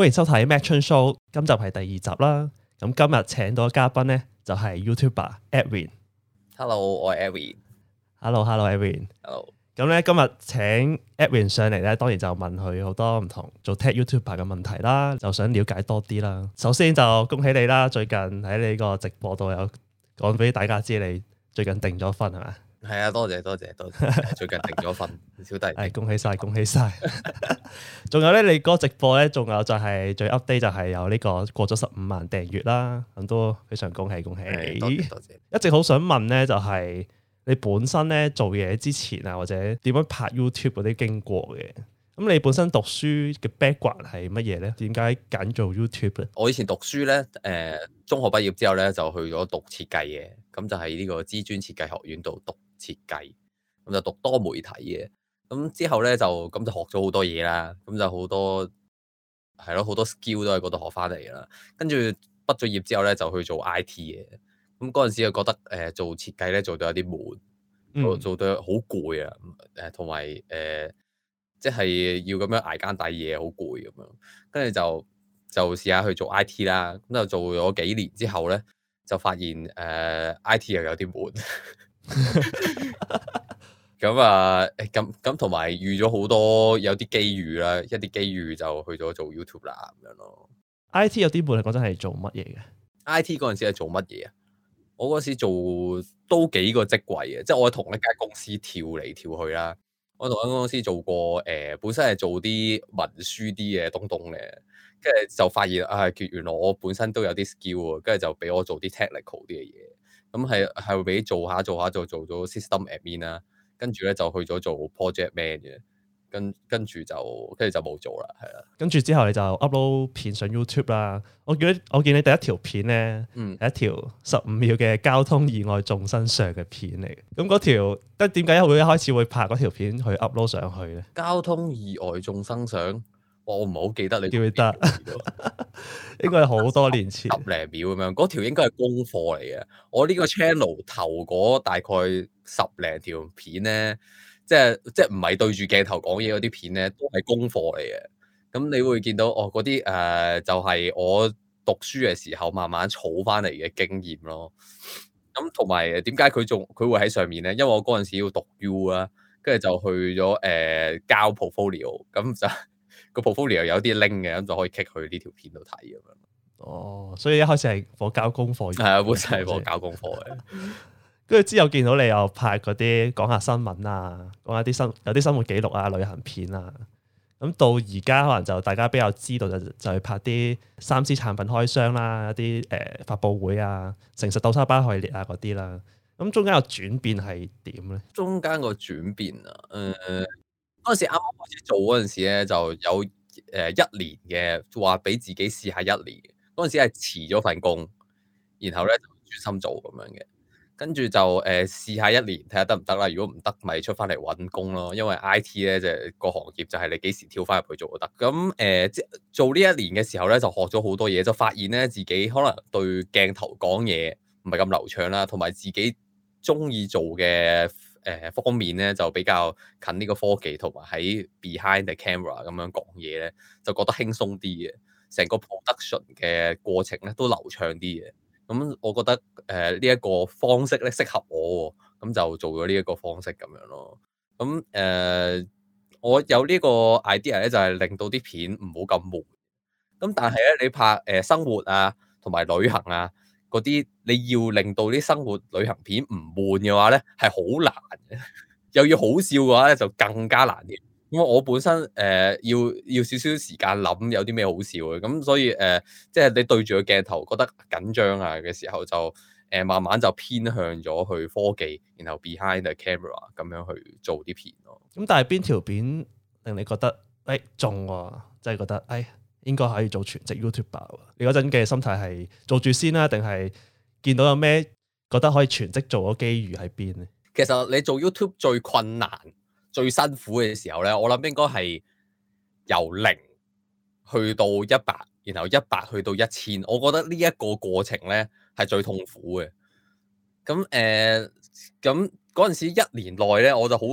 歡迎收睇《madchun SHOW》，今集係第二集啦。咁今日請到嘅嘉賓咧，就係 YouTuber Edwin。Hello，我係 Edwin。Hello，Hello，Edwin。Hello。咁咧，今日請 Edwin 上嚟咧，當然就問佢好多唔同做 Tech YouTuber 嘅問題啦，就想了解多啲啦。首先就恭喜你啦，最近喺你個直播度有講俾大家知你最近定咗婚係嘛？係啊，多謝多謝多謝，最近定咗份小弟，係、 哎、恭喜晒恭喜晒，仲 有咧，你嗰個直播咧，仲有就係、是、最 update 就係有呢、這個過咗十五萬訂閱啦，咁都非常恭喜恭喜。多多謝，多謝一直好想問咧，就係、是、你本身咧做嘢之前啊，或者點樣拍 YouTube 嗰啲經過嘅，咁你本身讀書嘅 background 係乜嘢咧？點解揀做 YouTube 咧？我以前讀書咧，誒、呃，中學畢業之後咧就去咗讀設計嘅，咁就喺呢個資專設計學院度讀。設計，咁就讀多媒體嘅，咁之後咧就咁就學咗好多嘢啦，咁就好多係咯，好多 skill 都喺嗰度學翻嚟啦。跟住畢咗業之後咧就去做 IT 嘅，咁嗰陣時又覺得誒做設計咧做到有啲悶，做到好攰啊，誒同埋誒即係要咁樣捱更抵夜，好攰咁樣，跟住就就試下去做 IT 啦，咁就做咗幾年之後咧就發現誒、呃、IT 又有啲悶。 咁啊、 嗯，咁咁同埋遇咗好多有啲機遇啦，一啲機遇就去咗做 YouTube 啦，咁樣咯。I T 有啲部你覺得係做乜嘢嘅？I T 嗰陣時係做乜嘢啊？我嗰時做都幾個職位嘅，即係我喺同一間公司跳嚟跳去啦。我同一間公司做過誒、呃，本身係做啲文書啲嘅東東嘅。跟住就發現啊，原來我本身都有啲 skill，跟住就俾我做啲 technical 啲嘅嘢。咁係係會俾做下做下做做咗 system admin 啦，跟住咧就去咗做 project man 嘅，跟跟住就跟住就冇做啦，係啦。跟住之後你就 upload 片上 YouTube 啦。我記我見你第一條片咧，嗯、第一條十五秒嘅交通意外眾生相嘅片嚟嘅。咁嗰條得點解會一開始會拍嗰條片去 upload 上去咧？交通意外眾生相。我唔好記得你記唔記得？應該係好多年前 十零秒咁樣，嗰條應該係功課嚟嘅。我呢個 channel 頭嗰大概十零條片咧，即係即係唔係對住鏡頭講嘢嗰啲片咧，都係功課嚟嘅。咁你會見到哦，嗰啲誒就係、是、我讀書嘅時候慢慢儲翻嚟嘅經驗咯。咁同埋點解佢仲佢會喺上面咧？因為我嗰陣時要讀 U 啊，跟住就去咗誒、呃、交 portfolio，咁就。個 portfolio 有啲 link 嘅，咁就可以 kick 去呢條片度睇咁樣。哦，所以一開始係我交功課，係啊對，本身係我交功課嘅。跟住 之後見到你又拍嗰啲講下新聞啊，講下啲生有啲生活記錄啊、旅行片啊。咁到而家可能就大家比較知道就，就就去拍啲三 C 產品開箱啦、啊，一啲誒發佈會啊，誠實豆沙包系列啊嗰啲啦。咁中間個轉變係點咧？中間個轉變啊，誒、呃。嗯嗰陣時啱啱開始做嗰陣時咧，就有誒一年嘅話俾自己試下一年。嗰陣時係辭咗份工，然後咧就專心做咁樣嘅，跟住就誒、呃、試下一年睇下得唔得啦。如果唔得，咪出翻嚟揾工咯。因為 I T 咧就個、是、行業就係你幾時跳翻入去做都得。咁誒，即、呃、做呢一年嘅時候咧，就學咗好多嘢，就發現咧自己可能對鏡頭講嘢唔係咁流暢啦，同埋自己中意做嘅。誒、呃、方面咧就比較近呢個科技，同埋喺 behind the camera 咁樣講嘢咧，就覺得輕鬆啲嘅，成個 production 嘅過程咧都流暢啲嘅。咁、嗯、我覺得誒呢一個方式咧適合我喎、哦，咁、嗯、就做咗呢一個方式咁樣咯。咁、嗯、誒、呃，我有個呢個 idea 咧，就係、是、令到啲片唔好咁悶。咁、嗯、但係咧，你拍誒、呃、生活啊，同埋旅行啊。嗰啲你要令到啲生活旅行片唔悶嘅話咧，係好難嘅，又要好笑嘅話咧就更加難嘅。因為我本身誒、呃、要要少少時間諗有啲咩好笑嘅，咁所以誒、呃、即係你對住個鏡頭覺得緊張啊嘅時候就誒、呃、慢慢就偏向咗去科技，然後 behind the camera 咁樣去做啲片咯。咁但係邊條片令你覺得誒中喎？真係覺得誒？哎應該可以做全職 YouTuber。你嗰陣嘅心態係做住先啦，定係見到有咩覺得可以全職做嘅機遇喺邊呢？其實你做 YouTube 最困難、最辛苦嘅時候咧，我諗應該係由零去到一百，然後一百去到一千。我覺得呢一個過程咧係最痛苦嘅。咁誒，咁嗰陣時一年內咧，我就好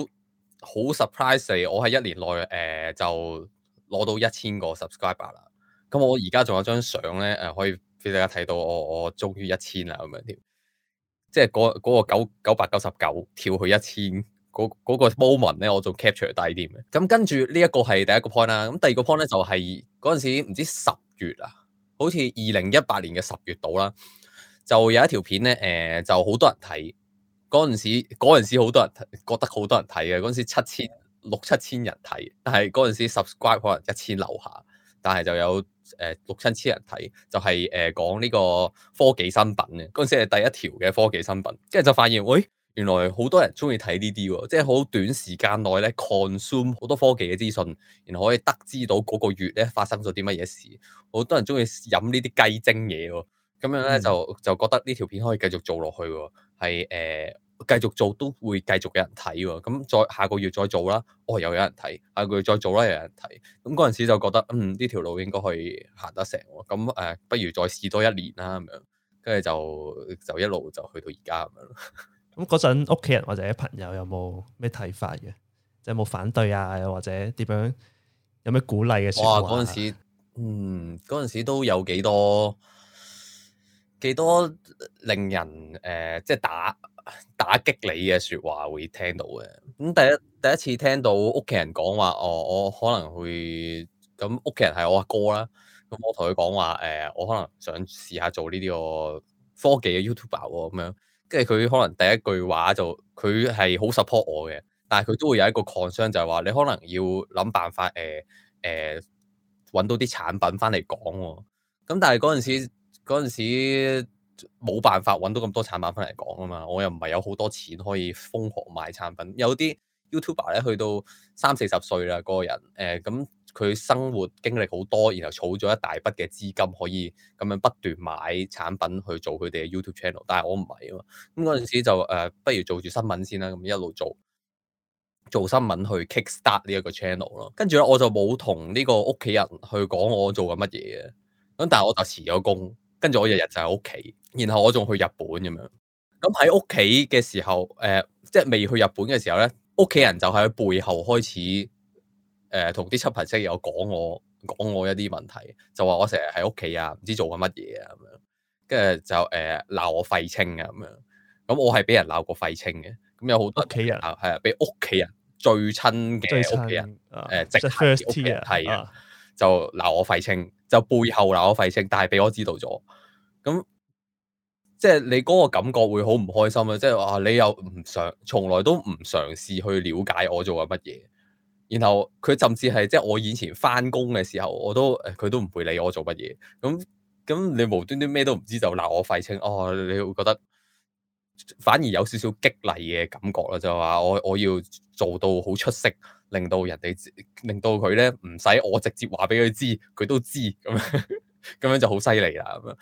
好 surprise，我係一年內誒、呃、就。攞到 1, 一千個 subscriber 啦，咁我而家仲有張相咧，誒可以俾大家睇到我我終於一千啦咁樣添，即係嗰、嗰個九九百九十九跳去 1, 000、嗰個、一千，嗰個 moment 咧我仲 capture 低啲嘅。咁跟住呢一個係第一個 point 啦、啊，咁第二個 point 咧就係嗰陣時唔知十月啊，好似二零一八年嘅十月度啦，就有一條片咧，誒、呃、就好多人睇。嗰陣時嗰陣時好多人覺得好多人睇嘅嗰陣時七千，六七千人睇，但係嗰陣時 subscribe 可能一千樓下，但係就有誒、呃、六七千人睇，就係、是、誒、呃、講呢個科技新品嘅，嗰陣時係第一條嘅科技新品，跟住就發現，喂、哎，原來好多人中意睇呢啲喎，即係好短時間內咧 consume 好多科技嘅資訊，然後可以得知到嗰個月咧發生咗啲乜嘢事，好多人中意飲呢啲雞精嘢喎，咁樣咧就就覺得呢條片可以繼續做落去喎，係繼續做都會繼續有人睇喎，咁再下個月再做啦，哦又有人睇，下個月再做啦又、哦、有、有人睇，咁嗰陣時就覺得嗯呢條路應該可以行得成喎，咁誒、呃、不如再試多一年啦咁樣，跟住就就一路就去到而家咁樣。咁嗰陣屋企人或者朋友有冇咩睇法嘅？即係有冇反對啊？或者點樣？有咩鼓勵嘅？哇、哦！嗰陣時候，嗯嗰陣時都有幾多。幾多令人誒、呃，即係打打擊你嘅說話會聽到嘅。咁、嗯、第一第一次聽到屋企人講話哦，我可能會，咁屋企人係我阿哥啦。咁、嗯、我同佢講話誒、呃，我可能想試下做呢啲個科技嘅 YouTuber 咁、哦、樣，跟住佢可能第一句話就佢係好 support 我嘅，但係佢都會有一個 concern，就係話你可能要諗辦法誒誒揾到啲產品翻嚟講，咁、嗯、但係嗰陣時。嗰陣時冇辦法揾到咁多產品翻嚟講啊嘛，我又唔係有好多錢可以瘋狂買產品。有啲 YouTuber 咧，去到三四十歲啦，嗰、嗰個人誒，咁佢生活經歷好多，然後儲咗一大筆嘅資金，可以咁樣不斷買產品去做佢哋嘅 YouTube channel。但係我唔係啊嘛，咁嗰陣時就誒、呃、不如做住新聞先啦，咁一路做做新聞去 Kick Start 呢一個 channel 咯。跟住咧我就冇同呢個屋企人去講我做緊乜嘢嘅，咁但係我就辭咗工。跟住我日日就喺屋企，然後我仲去日本咁樣。咁喺屋企嘅時候，誒、呃，即係未去日本嘅時候咧，屋企人就喺背後開始，誒、呃，同啲親朋戚友講我，講我一啲問題，就話我成日喺屋企啊，唔知做緊乜嘢啊咁樣。跟住就誒鬧我廢青啊咁樣。咁我係俾人鬧過廢青嘅。咁有好多屋企人鬧啊，係啊，俾屋企人最親嘅屋企人，誒直係屋企人係。就鬧我廢青，就背後鬧我廢青，但係俾我知道咗，咁即係你嗰個感覺會好唔開心啊！即係話你又唔嘗，從來都唔嘗試去了解我做緊乜嘢，然後佢甚至係即係我以前返工嘅時候，我都誒佢，哎，都唔會理我做乜嘢，咁咁你無端端咩都唔知就鬧我廢青，哦，啊，你會覺得反而有少少激勵嘅感覺啦，就話，是，我我要做到好出色。令到人哋，令到佢咧唔使我直接話俾佢知，佢都知咁樣，咁樣就好犀利啦咁樣。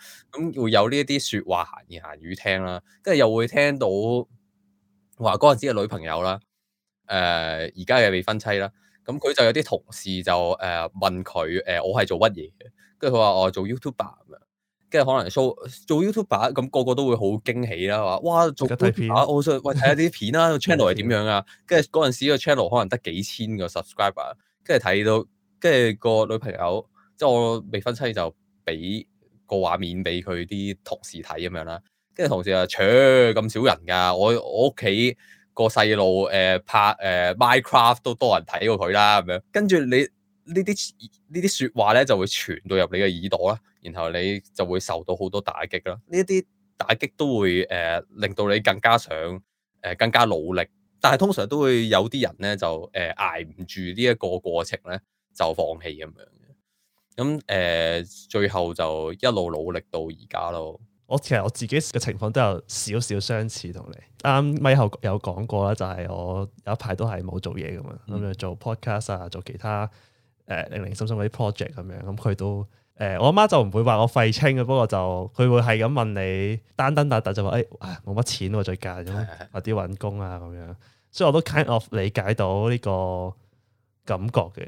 咁會有呢一啲説話閒言閒語聽啦，跟住又會聽到話嗰陣時嘅女朋友啦，誒而家嘅未婚妻啦。咁佢就有啲同事就誒、呃、問佢誒、呃、我係做乜嘢嘅，跟住佢話我做 YouTuber。跟住可能 show 做 YouTuber 咁，you uber，個個都會好驚喜啦，話哇做片啊，我想喂睇下啲片啦，channel 係點樣啊？跟住嗰陣時個 channel 可能得幾千個 subscriber，跟住睇到跟住個女朋友即係我未婚妻就俾個畫面俾佢啲同事睇咁樣啦。跟住同事啊，搶咁少人㗎，我我屋企個細路誒拍誒、呃、Minecraft 都多人睇過佢啦咁樣。跟住你說話呢啲呢啲説話，咧就會傳到入你嘅耳朵啦。然後你就會受到好多打擊啦，呢一啲打擊都會誒令到你更加想誒更加努力，但係通常都會有啲人咧就誒捱唔住呢一個過程咧就放棄咁樣嘅，咁誒最後就一路努力到而家咯。我其實我自己嘅情況都有少少相似同你，啱咪後有講過啦，就係我有一排都係冇做嘢咁樣，咁就做 podcast 啊，做其他誒零零散散嗰啲 project 咁樣，咁佢都。誒我媽就唔會話我廢青嘅，不過就佢會係咁問你單單打打就話，唉、哎，冇乜錢喎、啊，再加咁，快啲揾工啊咁樣，所以我都 kind of 理解到呢個感覺嘅。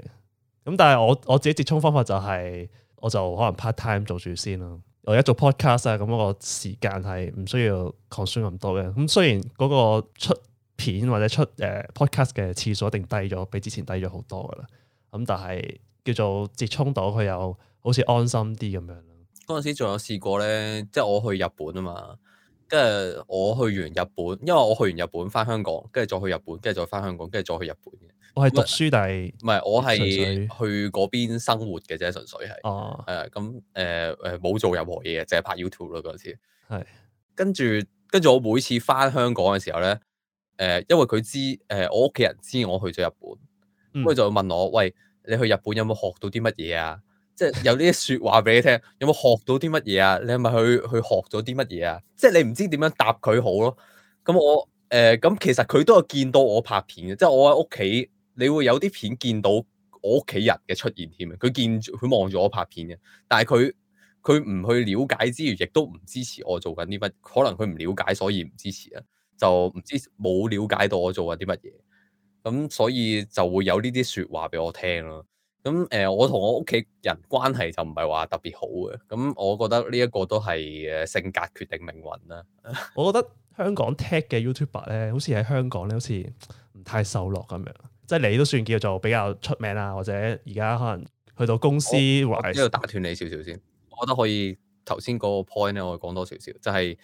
咁但係我我自己接充方法就係、是，我就可能 part time 做住先咯。我而家做 podcast 啊，咁我時間係唔需要 c o n 擴寬咁多嘅。咁雖然嗰個出片或者出誒 podcast 嘅次數一定低咗，比之前低咗好多噶啦。咁但係叫做接充到佢有。好似安心啲咁樣啦。嗰陣時仲有試過咧，即係我去日本啊嘛。跟住我去完日本，因為我去完日本翻香港，跟住再去日本，跟住再翻香港，跟住再去日本嘅。我係讀書，但係唔係我係去嗰邊生活嘅啫，純粹係。哦，係啊、uh, 嗯。咁誒誒，冇做任何嘢，淨係拍 YouTube 咯。嗰次係是跟住跟住我每次翻香港嘅時候咧，誒、呃，因為佢知誒、呃，我屋企人知我去咗日本，咁佢、嗯、就會問我，喂，你去日本有冇學到啲乜嘢啊？即係有呢啲説話俾你聽，有冇學到啲乜嘢啊？你係咪去去學咗啲乜嘢啊？即係你唔知點樣答佢好咯。咁我誒咁、呃、其實佢都有見到我拍片嘅，即係我喺屋企，你會有啲片見到我屋企人嘅出現添啊。佢見佢望住我拍片嘅，但係佢佢唔去了解之餘，亦都唔支持我做緊啲乜，可能佢唔了解，所以唔支持啊。就唔知冇了解到我做緊啲乜嘢，咁所以就會有呢啲説話俾我聽咯。咁誒、嗯呃，我同我屋企人關係就唔係話特別好嘅，咁、嗯、我覺得呢一個都係誒性格決定命運啦。 我覺得香港 tech 嘅 YouTuber 咧，好似喺香港咧，好似唔太受落咁樣。即係你都算叫做比較出名啦，或者而家可能去到公司。或者度打斷你少少先，我覺得可以頭先嗰個 point 咧，我講多少少，就係、是、誒、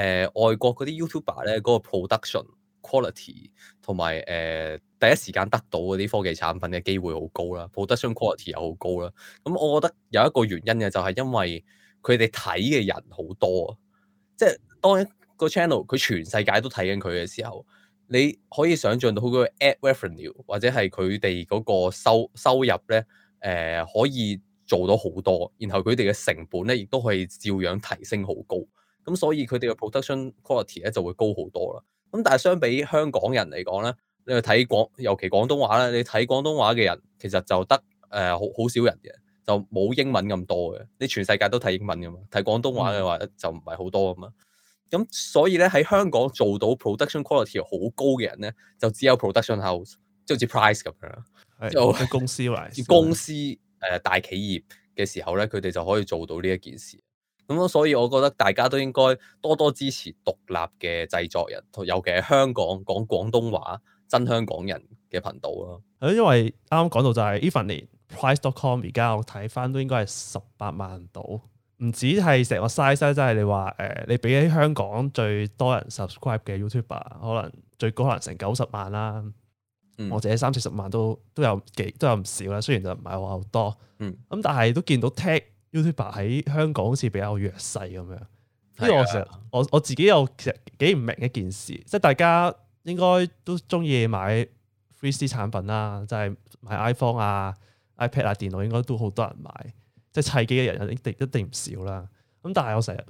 呃、外國嗰啲 YouTuber 咧嗰、那個 production quality 同埋誒第一時間得到嗰啲科技產品嘅機會好高啦，production quality 又好高啦。咁、嗯、我覺得有一個原因嘅，就係因為佢哋睇嘅人好多，啊，即係當一個 channel 佢全世界都睇緊佢嘅時候，你可以想象到佢個 ad revenue 或者係佢哋嗰個收收入咧誒、呃、可以做到好多，然後佢哋嘅成本咧亦都可以照樣提升好高，咁、嗯、所以佢哋嘅 production quality 咧就會高好多啦。咁但係相比香港人嚟講咧，你去睇廣尤其廣東話咧，你睇廣東話嘅人其實就得誒好好少人嘅，就冇英文咁多嘅。你全世界都睇英文噶嘛，睇廣東話嘅話就唔係好多噶嘛。咁所以咧，喺香港做到 production quality 好高嘅人咧，就只有 production house，即好似 price 咁樣啦，就的 公司嚟，公司誒大企業嘅時候咧，佢哋就可以做到呢一件事。咁、嗯、所以我覺得大家都應該多多支持獨立嘅製作人，尤其係香港講廣東話真香港人嘅頻道咯。因為啱啱講到就係呢份年 Price.com 而家我睇翻都應該係十八萬度，唔止係成個 size 啦，即係你話誒，你比起香港最多人 subscribe 嘅 YouTuber，可能最高可能成九十萬啦，嗯、或者三四十萬都有都有幾都有唔少啦。雖然就唔係話好多，嗯，咁、嗯、但係都見到 tech。YouTuber 喺香港好似比較弱勢咁樣，呢個的我成日我我自己有其實幾唔明一件事，即係大家應該都中意買 3C 產品啦，即係買 iPhone 啊、iPad 啊、電腦應該都好多人買，即係砌機嘅人一定一定唔少啦。咁但係我成日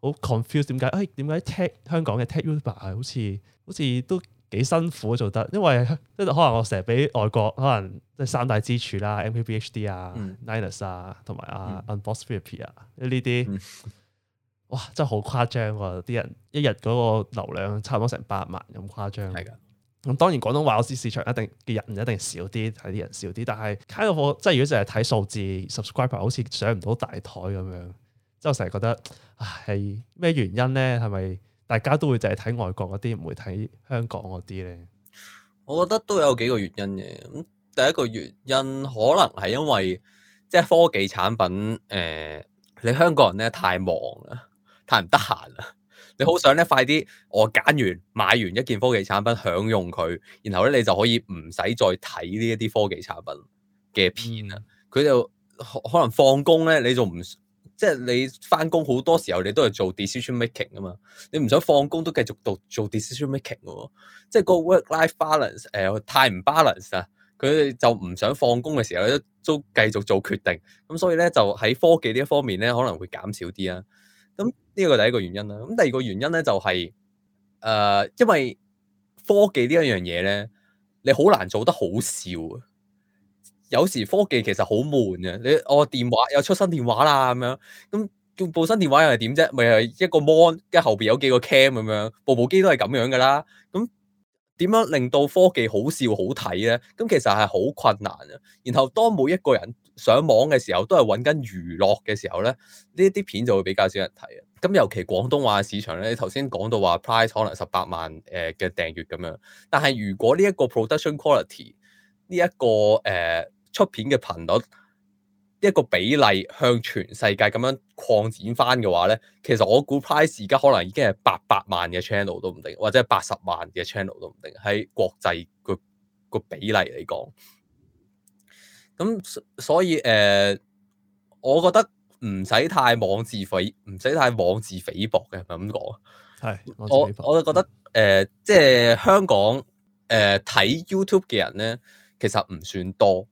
好 confused 點解，誒點解 tech 香港嘅 tech YouTuber 好似好似都？幾辛苦做得，因為即係可能我成日俾外國可能即係三大支柱啦，MKBHD 啊、Linus 啊、同埋啊 Unbox Therapy 啊，呢啲哇真係好誇張喎、啊！啲人一日嗰個流量差唔多成百萬咁誇張。係㗎的。咁當然講到廣東話市場，一定嘅人一定少啲，睇啲人少啲。但係睇到我即係如果淨係睇數字 subscriber 好似上唔到大台咁樣，我成日覺得係咩原因咧？係咪？大家都會淨係睇外國嗰啲，唔會睇香港嗰啲咧。我覺得都有幾個原因嘅。咁第一個原因可能係因為即係科技產品，誒、呃，你香港人咧太忙啦，太唔得閒啦。你好想咧快啲，我揀完買完一件科技產品，享用佢，然後咧你就可以唔使再睇呢一啲科技產品嘅片啦。佢、嗯、就可能放工咧，你就唔～即係你翻工好多時候，你都係做 decision making 噶嘛？你唔想放工都繼續做做 decision making 嘅？即係個 work life balance，誒太唔 balance 啊，佢哋就唔想放工嘅時候都繼續做決定。咁所以咧就喺科技呢一方面咧，可能會減少啲啊。咁呢個第一個原因啦。咁第二個原因咧就係、是、誒、呃，因為科技呢一樣嘢咧，你好難做得好笑啊。有時科技其實好悶嘅，你我、哦、電話又出新電話啦，咁樣咁部新電話又係點啫？咪係一個 mon，跟後邊有幾個 cam 咁樣，部部機都係咁樣噶啦。咁點樣、樣令到科技好笑好睇咧？咁其實係好困難啊。然後當每一個人上網嘅時候，都係揾緊娛樂嘅時候咧，呢一啲片就會比較少人睇啊。咁尤其廣東話市場咧，你頭先講到話 price 可能十八萬誒嘅、呃、訂閲咁樣，但係如果呢一個 production quality 呢、這、一個誒、呃出片嘅頻率一個比例向全世界咁樣擴展返嘅話咧，其實我估 Price 而家可能已經係八百萬嘅 channel 都唔定，或者係八十萬嘅 channel 都唔定，喺國際個個比例嚟講。咁所以誒、呃，我覺得唔使太妄自菲唔使太妄自菲薄嘅，係咪咁講？係，我我就覺得誒、呃，即係香港誒睇、呃、YouTube 嘅人咧，其實唔算多。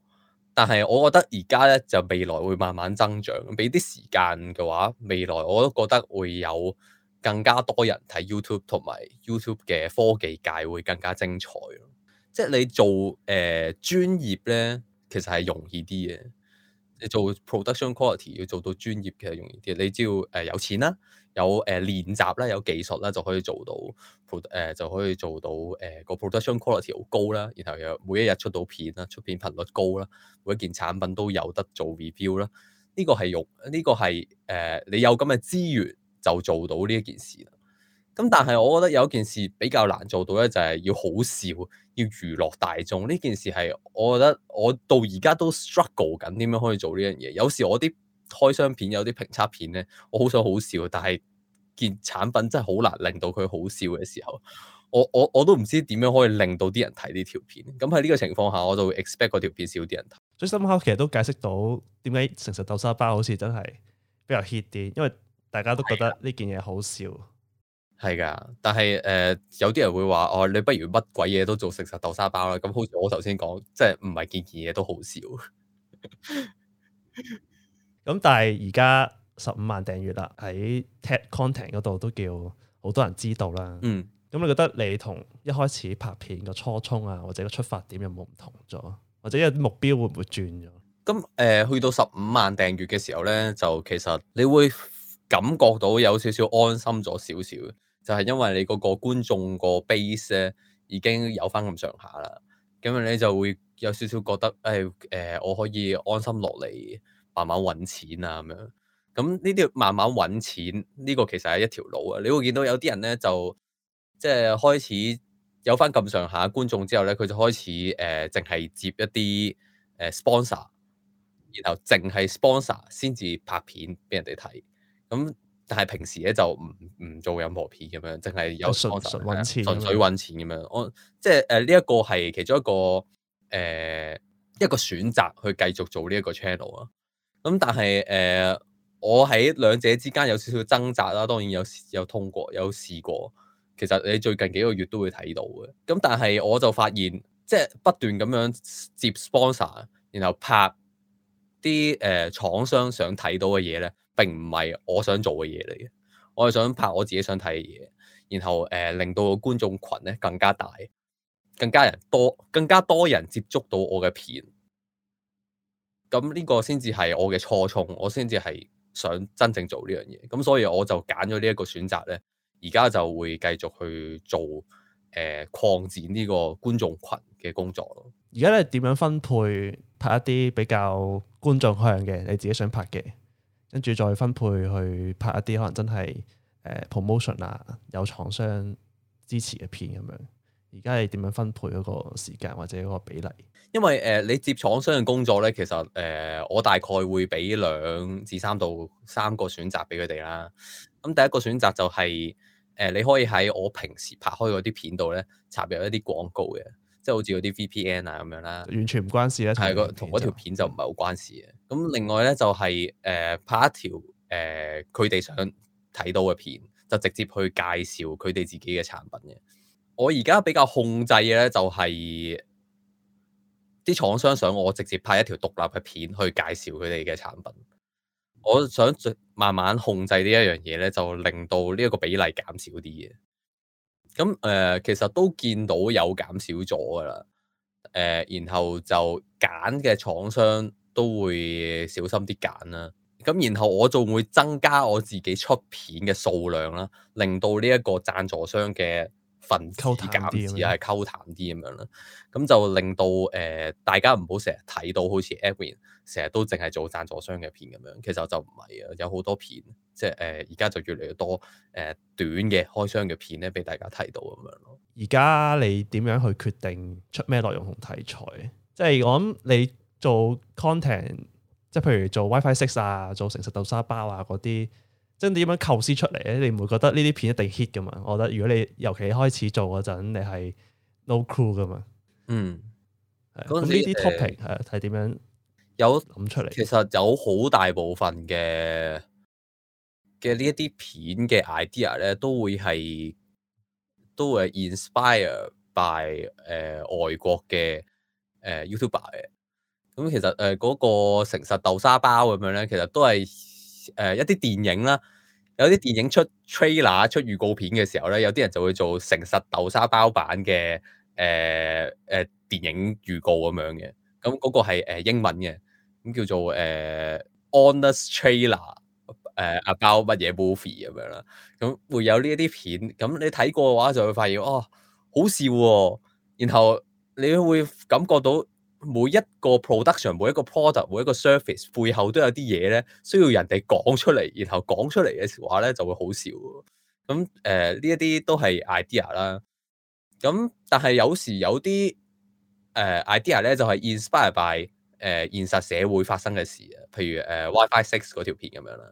但係，我覺得而家咧就未來會慢慢增長，俾啲時間嘅話，未來我都覺得會有更加多人睇 YouTube，同埋 YouTube 嘅科技界會更加精彩咯。即係、就是、你做誒、呃、專業咧，其實係容易啲嘅。你做 production quality 要做到專業，其實容易啲。你只要誒有錢啦。有誒、呃、練習啦，有技術啦，就可以做到誒、呃，就可以做到誒個、呃、production quality 好高啦。然後又每一日出到片啦，出片頻率高啦，每一件產品都有得做 review 啦。呢、這個係用呢個係誒，你有咁嘅資源就做到呢一件事啦。咁、嗯、但係我覺得有一件事比較難做到咧，就係、是、要好笑，要娛樂大眾。呢件事係我覺得我到而家都 struggle 緊點樣可以做呢樣嘢。有時我啲開箱片有啲評測片咧，我好想好笑，但係件產品真係好難令到佢好笑嘅時候，我我我都唔知點樣可以令到啲人睇呢條片。咁喺呢個情況下，我就會 expect 嗰條片少啲人睇。最深刻其實都解釋到點解誠實豆沙包好似真係比較 hit 啲，因為大家都覺得呢件嘢好笑。係噶，但係誒、呃，有啲人會話哦，你不如乜鬼嘢都做誠實豆沙包啦。咁好似我頭先講，即係唔係件件嘢都好笑。 咁但係而家十五萬訂閱啦，喺 Tech Content 嗰度都叫好多人知道啦。咁、嗯、你覺得你同一開始拍片個初衷啊，或者個出發點有冇唔同咗？或者有啲目標會唔會轉咗？咁誒、嗯呃，去到十五萬訂閱嘅時候咧，就其實你會感覺到有少少安心咗少少，就係、是、因為你嗰個觀眾個 base 咧已經有翻咁上下啦，咁樣咧你就會有少少覺得誒誒、哎呃，我可以安心落嚟。慢慢搵錢啊咁樣，咁呢啲慢慢搵錢呢個其實係一條路啊。你會見到有啲人咧就即係開始有返咁上下觀眾之後咧，佢就開始誒淨係接一啲誒 sponsor，然後淨係 sponsor 先至拍片俾人哋睇。咁但係平時咧就唔唔做任何片咁樣，淨係有純純搵錢、純粹搵錢咁樣。我即係誒呢一個係其中一個誒、呃、一個選擇去繼續做呢一個 channel 啊。咁、嗯、但係誒、呃，我喺兩者之間有少少掙扎啦。當然有有通過有試過，其實你最近幾個月都會睇到嘅。咁、嗯、但係我就發現，即係不斷咁樣接 sponsor，然後拍啲誒、呃、廠商想睇到嘅嘢咧，並唔係我想做嘅嘢嚟嘅。我係想拍我自己想睇嘅嘢，然後誒、呃、令到個觀眾群咧更加大，更加人多，更加多人接觸到我嘅片。咁呢個先至係我嘅初衷，我先至係想真正做呢樣嘢，咁所以我就揀咗呢一個選擇呢。而家就會繼續去做誒擴展呢個觀眾群嘅工作咯。而家咧點樣分配拍一啲比較觀眾向嘅、你自己想拍嘅，跟住再分配去拍一啲可能真係、呃、promotion 啊，有廠商支持嘅片咁樣。而家係點樣分配嗰個時間或者嗰個比例？因為誒、呃，你接廠商嘅工作咧，其實誒、呃，我大概會俾兩至三到三個選擇俾佢哋啦。咁、嗯、第一個選擇就係、是、誒、呃，你可以喺我平時拍開嗰啲片度咧，插入一啲廣告嘅，即係好似嗰啲 VPN 啊咁樣啦。完全唔關事咧，係個同嗰條片就唔係好關事嘅。咁、嗯、另外咧就係、是、誒、呃，拍一條誒，佢、呃、哋想睇到嘅片，就直接去介紹佢哋自己嘅產品嘅。我而家比較控制嘅咧就係、是。啲廠商想我直接拍一條獨立嘅片去介紹佢哋嘅產品，我想慢慢控制呢一樣嘢咧，就令到呢一個比例減少啲嘢。咁、嗯、誒、呃，其實都見到有減少咗噶啦。誒、呃，然後就揀嘅廠商都會小心啲揀啦。咁然後我仲會增加我自己出片嘅數量啦，令到呢一個贊助商嘅份字減字係溝淡啲咁樣啦，咁就令到誒大家唔好成日睇到好似 Edwin 成日都淨係做贊助商嘅片咁樣，其實就唔係啊，有好多片即係誒而家就越嚟越多誒短嘅開箱嘅片咧，俾大家睇到咁樣咯。而家你點樣去決定出咩內容同題材？即係我諗你做 content，即係譬如做 WiFi Six 啊，做誠實豆沙包啊嗰啲。即係點樣構思出嚟咧？你唔會覺得呢啲片一定 hit 噶嘛？我覺得如果你尤其開始做嗰陣，你係 no clue 噶嘛。嗯，咁呢啲 topic 係睇點樣有諗出嚟？其實有好大部分嘅嘅呢一啲片嘅 idea 咧，都會係都會 inspire by 誒外國嘅誒 YouTuber 嘅。咁其實誒嗰個誠實豆沙包咁樣咧，其實都係。誒、呃、一啲電影啦，有啲電影出 trailer 出預告片嘅時候咧，有啲人就會做誠實豆沙包版嘅誒誒電影預告咁樣嘅，咁、嗯、嗰、那個係、呃、英文嘅，咁叫做誒、呃、Honest Trailer 誒阿、呃、about 乜嘢 movie 咁樣啦，咁、嗯、會有呢一啲片，咁、嗯、你睇過嘅話就會發現哦好笑哦，然後你會感覺到。每一個 production、每一個 product、每一個 service 背後都有啲嘢咧，需要人哋講出嚟，然後講出嚟嘅時話咧就會好少。咁誒呢一啲都係 idea 啦。咁但係有時有啲誒、呃、idea 咧就係 inspired by 誒、呃、現實社會發生嘅事啊，譬如誒、呃、WiFi Six 嗰條片咁樣啦。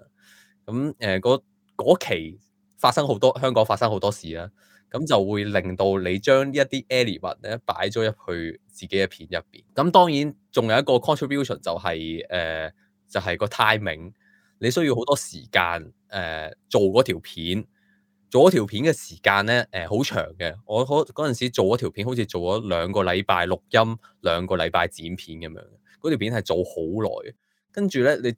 咁誒嗰期發生好多香港發生好多事啦。咁就會令到你將一啲 element 咧擺咗入去自己嘅片入邊。咁當然仲有一個 contribution 就係誒，就係個 timing。你需要好多時間誒做嗰條片，做嗰條片嘅時間咧誒好長嘅。我可嗰陣時做嗰條片好似做咗兩個禮拜錄音，兩個禮拜剪片咁樣。嗰條片係做好耐，跟住咧你，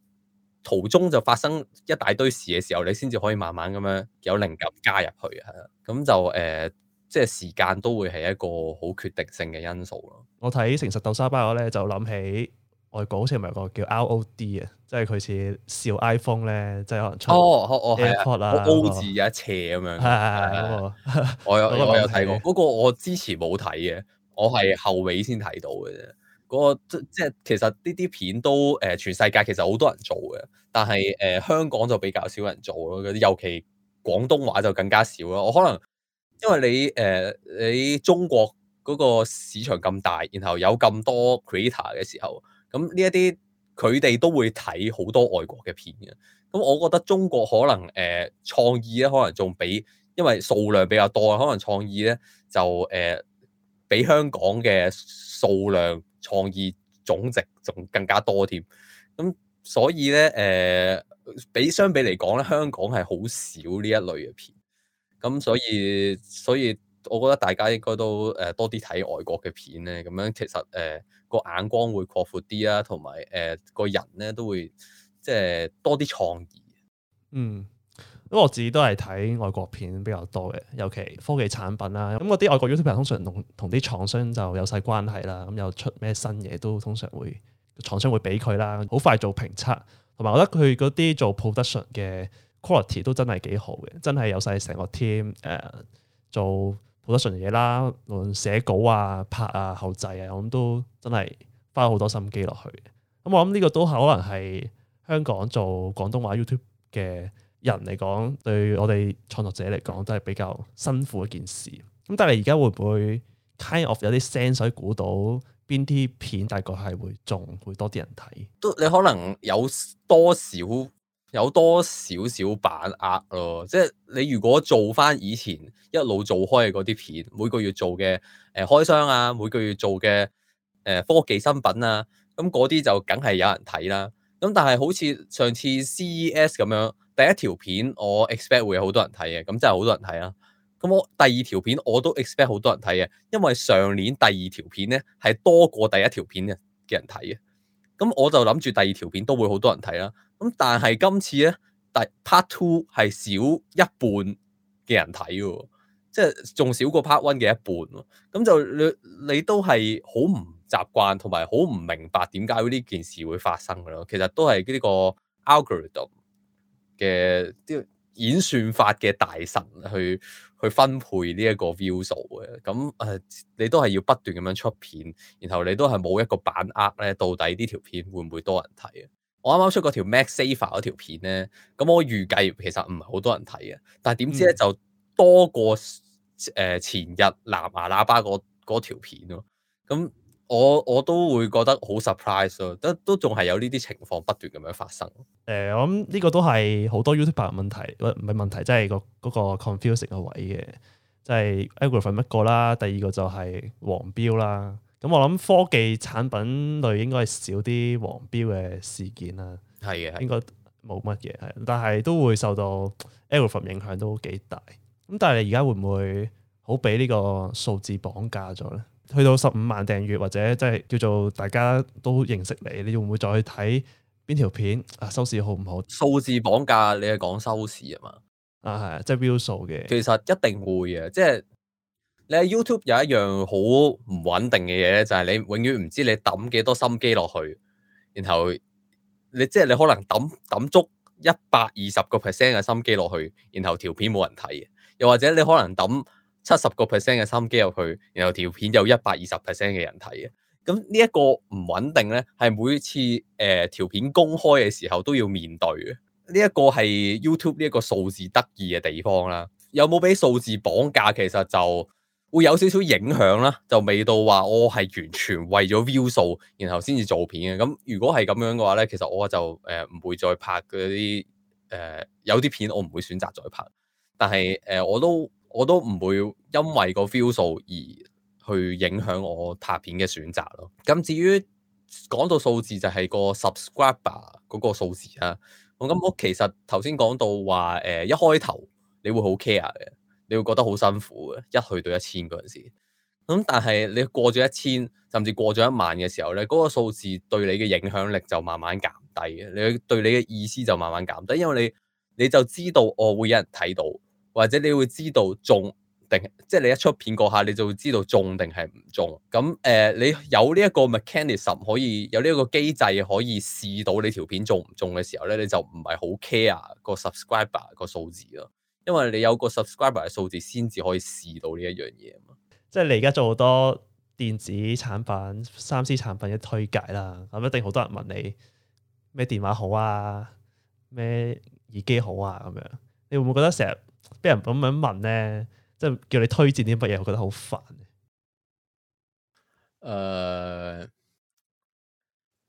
途中就發生一大堆事嘅時候，你先至可以慢慢咁樣有靈感加入去啊。咁就誒、呃，即係時間都會係一個好決定性嘅因素咯。我睇《誠實豆沙包》嗰咧就諗起外國好似唔係個叫 ROD 啊，即係佢似笑 iPhone 咧，就有人出哦，哦，係、哦、啊，O 字有一斜咁樣。係係係，我有我有睇過嗰 個，我之前冇睇嘅，我係後尾先睇到嘅啫。嗰個即即係其實呢啲片都誒、呃、全世界其實好多人做嘅，但係誒、呃、香港就比較少人做咯。尤其廣東話就更加少咯。我可能因為你誒、呃、你中國嗰個市場咁大，然後有咁多 creator 嘅時候，咁呢一啲佢哋都會睇好多外國嘅片嘅。咁、嗯、我覺得中國可能誒創、呃、意咧，可能仲比因為數量比較多，可能創意咧就誒、呃、比香港嘅數量。創意總值仲更加多添，咁、嗯、所以咧誒、呃，比相比嚟講咧，香港係好少呢一類嘅片，咁所以所以，所以我覺得大家應該都誒、呃、多啲睇外國嘅片咧，咁樣其實誒、呃、個眼光會擴闊啲啊，同埋誒個人咧都會即係、呃、多啲創意。嗯。因我自己都係睇外國片比較多嘅，尤其科技產品啦。咁嗰啲外國 YouTube 人通常同同啲廠商就有晒關係啦。咁、嗯、又出咩新嘢都通常會廠商會俾佢啦，好快做評測。同埋我覺得佢嗰啲做 production 嘅 quality 都真係幾好嘅，真係有晒成個 team 誒、呃、做 production 嘅嘢啦，無論寫稿啊、拍啊、後製啊，我都真係花好多心機落去。咁、嗯、我諗呢個都可能係香港做廣東話 YouTube 嘅人嚟講，對我哋創作者嚟講都係比較辛苦一件事。咁但係而家會唔會 kind of 有啲聲水估到邊啲片大概係會中，會多啲人睇？都你可能有多少有多少少把握咯。即係你如果做返以前一路做開嘅嗰啲片，每個月做嘅誒、呃、開箱啊，每個月做嘅誒、呃、科技新品啊，咁嗰啲就梗係有人睇啦。咁但係好似上次 CES 咁樣。第一條片我 expect 會有好多人睇嘅，咁真係好多人睇啦。咁我第二條片我都 expect 好多人睇嘅，因為上年第二條片咧係多過第一條片嘅嘅人睇嘅。咁我就諗住第二條片都會好多人睇啦。咁但係今次咧，第 part two 係少一半嘅人睇嘅，即係仲少過 part one 嘅一半。咁就你你都係好唔習慣，同埋好唔明白點解呢件事會發生㗎咯。其實都係呢個 algorithm。嘅啲演算法嘅大神去去分配呢一個 view 數嘅，咁誒、呃、你都係要不斷咁樣出片，然後你都係冇一個把握咧，到底呢條片會唔會多人睇啊？我啱啱出嗰條 Max Saver 嗰條片咧，咁我預計其實唔係好多人睇嘅，但係點知咧就多過誒、嗯呃、前日藍牙喇叭嗰條片咯，咁。我我都會覺得好 surprise 咯，都都仲係有呢啲情況不斷咁樣發生。誒、呃，我諗呢個都係好多 YouTuber 問題，唔係問題，即係個嗰個 confusing 嘅位嘅，即係 algorithm 一個啦，第二個就係黃標啦。咁我諗科技產品類應該係少啲黃標嘅事件啦，係嘅，應該冇乜嘢，係，但係都會受到 algorithm 影響都幾大。咁但係你而家會唔會好俾呢個數字綁架咗咧？去到十五萬訂閱或者即係叫做大家都認識你，你會唔會再去睇邊條片啊？收視好唔好？數字綁架你係講收視啊嘛？啊係即係 view 數嘅。其實一定會嘅，即係你喺 YouTube 有一樣好唔穩定嘅嘢，就係、是、你永遠唔知你抌幾多心機落去，然後你即係你可能抌抌足一百二十個 percent 嘅心機落去，然後條片冇人睇，又或者你可能抌。七十個 percent 嘅心機入去，然後條片有一百二十 percent 嘅人睇嘅。咁呢一個唔穩定咧，係每次誒條片公開嘅時候都要面對嘅。呢、這、一個係 YouTube 呢一個數字得意嘅地方啦。有冇俾數字綁架？其實就會有少少影響啦。就未到話我係完全為咗 view 數，然後先至做片嘅。咁如果係咁樣嘅話咧，其實我就誒唔、呃、會再拍嗰啲誒有啲片，我唔會選擇再拍。但係誒、呃、我都。我都唔會因為個 feel 數而去影響我拍片嘅選擇咯。咁至於講到數字就係個 subscriber 嗰個數字啦。咁我其實頭先講到話誒、呃，一開頭你會好 care 嘅，你會覺得好辛苦嘅，一去到一千嗰陣時。咁但係你過咗一千，甚至過咗一萬嘅時候咧，嗰、那個數字對你嘅影響力就慢慢減低嘅。你對你嘅意思就慢慢減低，因為你你就知道我會有人睇到。或者你會知道中定，即係你一出片嗰下，你就會知道中定係唔中。咁誒、呃，你有呢一個 mechanism 可以有呢一個機制可以試到你條片中唔中嘅時候咧，你就唔係好 care 個 subscriber 個數字咯。因為你有個 subscriber 嘅數字先至可以試到呢一樣嘢啊嘛。即係你而家做好多電子產品、三 C 產品嘅推介啦，咁一定好多人問你咩電話好啊，咩耳機好啊咁樣。你會唔會覺得成日俾人咁樣問咧，即係叫你推薦啲乜嘢，我覺得好煩。誒、呃，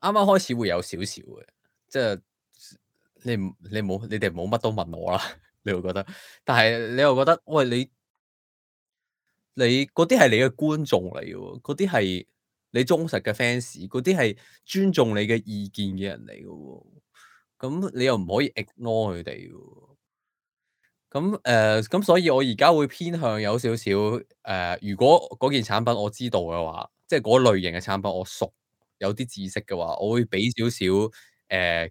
啱啱開始會有少少嘅，即係你唔你冇你哋冇乜都問我啦， 你會覺得，但係你又覺得，喂，你你嗰啲係你嘅觀眾嚟嘅，嗰啲係你忠實嘅 fans，嗰啲係尊重你嘅意見嘅人嚟嘅，咁你又唔可以 ignore 佢哋嘅。咁誒咁，所以我而家會偏向有少少誒，如果嗰件產品我知道嘅話，即係嗰類型嘅產品我熟，有啲知識嘅話，我會俾少少誒揀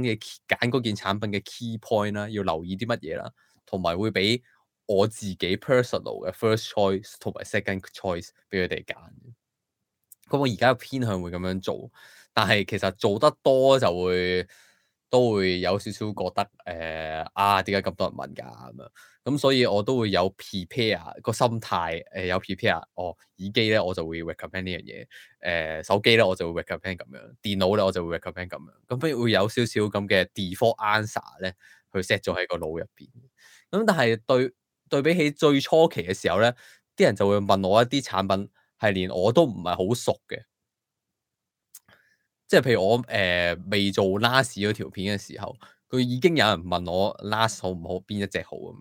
嘅揀件產品嘅 key point 啦，要留意啲乜嘢啦，同埋會俾我自己 personal 嘅 first choice 同埋 second choice 俾佢哋揀。咁我而家偏向會咁樣做，但係其實做得多就會，都會有少少覺得誒、呃、啊，點解咁多人問㗎咁樣？咁所以我都會有 prepare 個心態，誒有 prepare。哦，耳機咧我就會 recommend、呃、呢樣嘢，誒手機咧我就會 recommend 咁樣，電腦咧我就會 recommend 咁樣。咁反而會有少少咁嘅 default answer 咧，去 set 咗喺個腦入邊。咁但係對對比起最初期嘅時候咧，啲人就會問我一啲產品係連我都唔係好熟嘅。即係譬如我誒、呃、未做 last 嗰條片嘅時候，佢已經有人問我 last 好唔好，邊一隻好咁，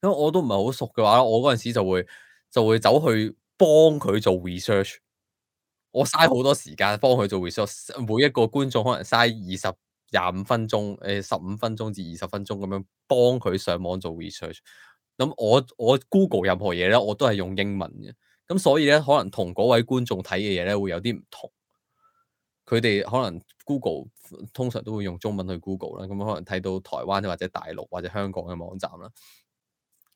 咁我都唔係好熟嘅話，我嗰陣時就會就會走去幫佢做 research。我嘥好多時間幫佢做 research，每一個觀眾可能嘥二十、廿五分鐘、誒十五分鐘至二十分鐘咁樣幫佢上網做 research。咁我我 Google 任何嘢咧，我都係用英文嘅。咁所以咧，可能同嗰位觀眾睇嘅嘢咧會有啲唔同。佢哋可能 Google 通常都會用中文去 Google 啦，咁可能睇到台灣或者大陸或者香港嘅網站啦。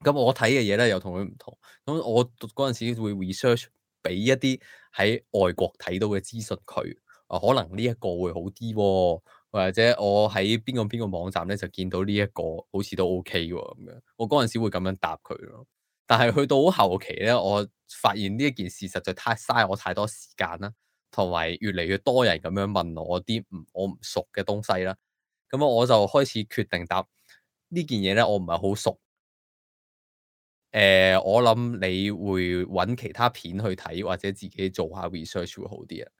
咁我睇嘅嘢咧又同佢唔同。咁我嗰陣時會 research 俾一啲喺外國睇到嘅資訊佢，啊可能呢一個會好啲喎，或者我喺邊個邊個網站咧就見到呢一個好似都 OK 喎咁樣。我嗰陣時會咁樣答佢咯。但係去到後期咧，我發現呢一件事實在太嘥我太多時間啦。同埋越嚟越多人咁樣問我啲唔我唔熟嘅東西啦，咁啊我就開始決定答件呢件嘢咧，我唔係好熟。誒、呃，我諗你會揾其他片去睇，或者自己做下 research 會好啲啊，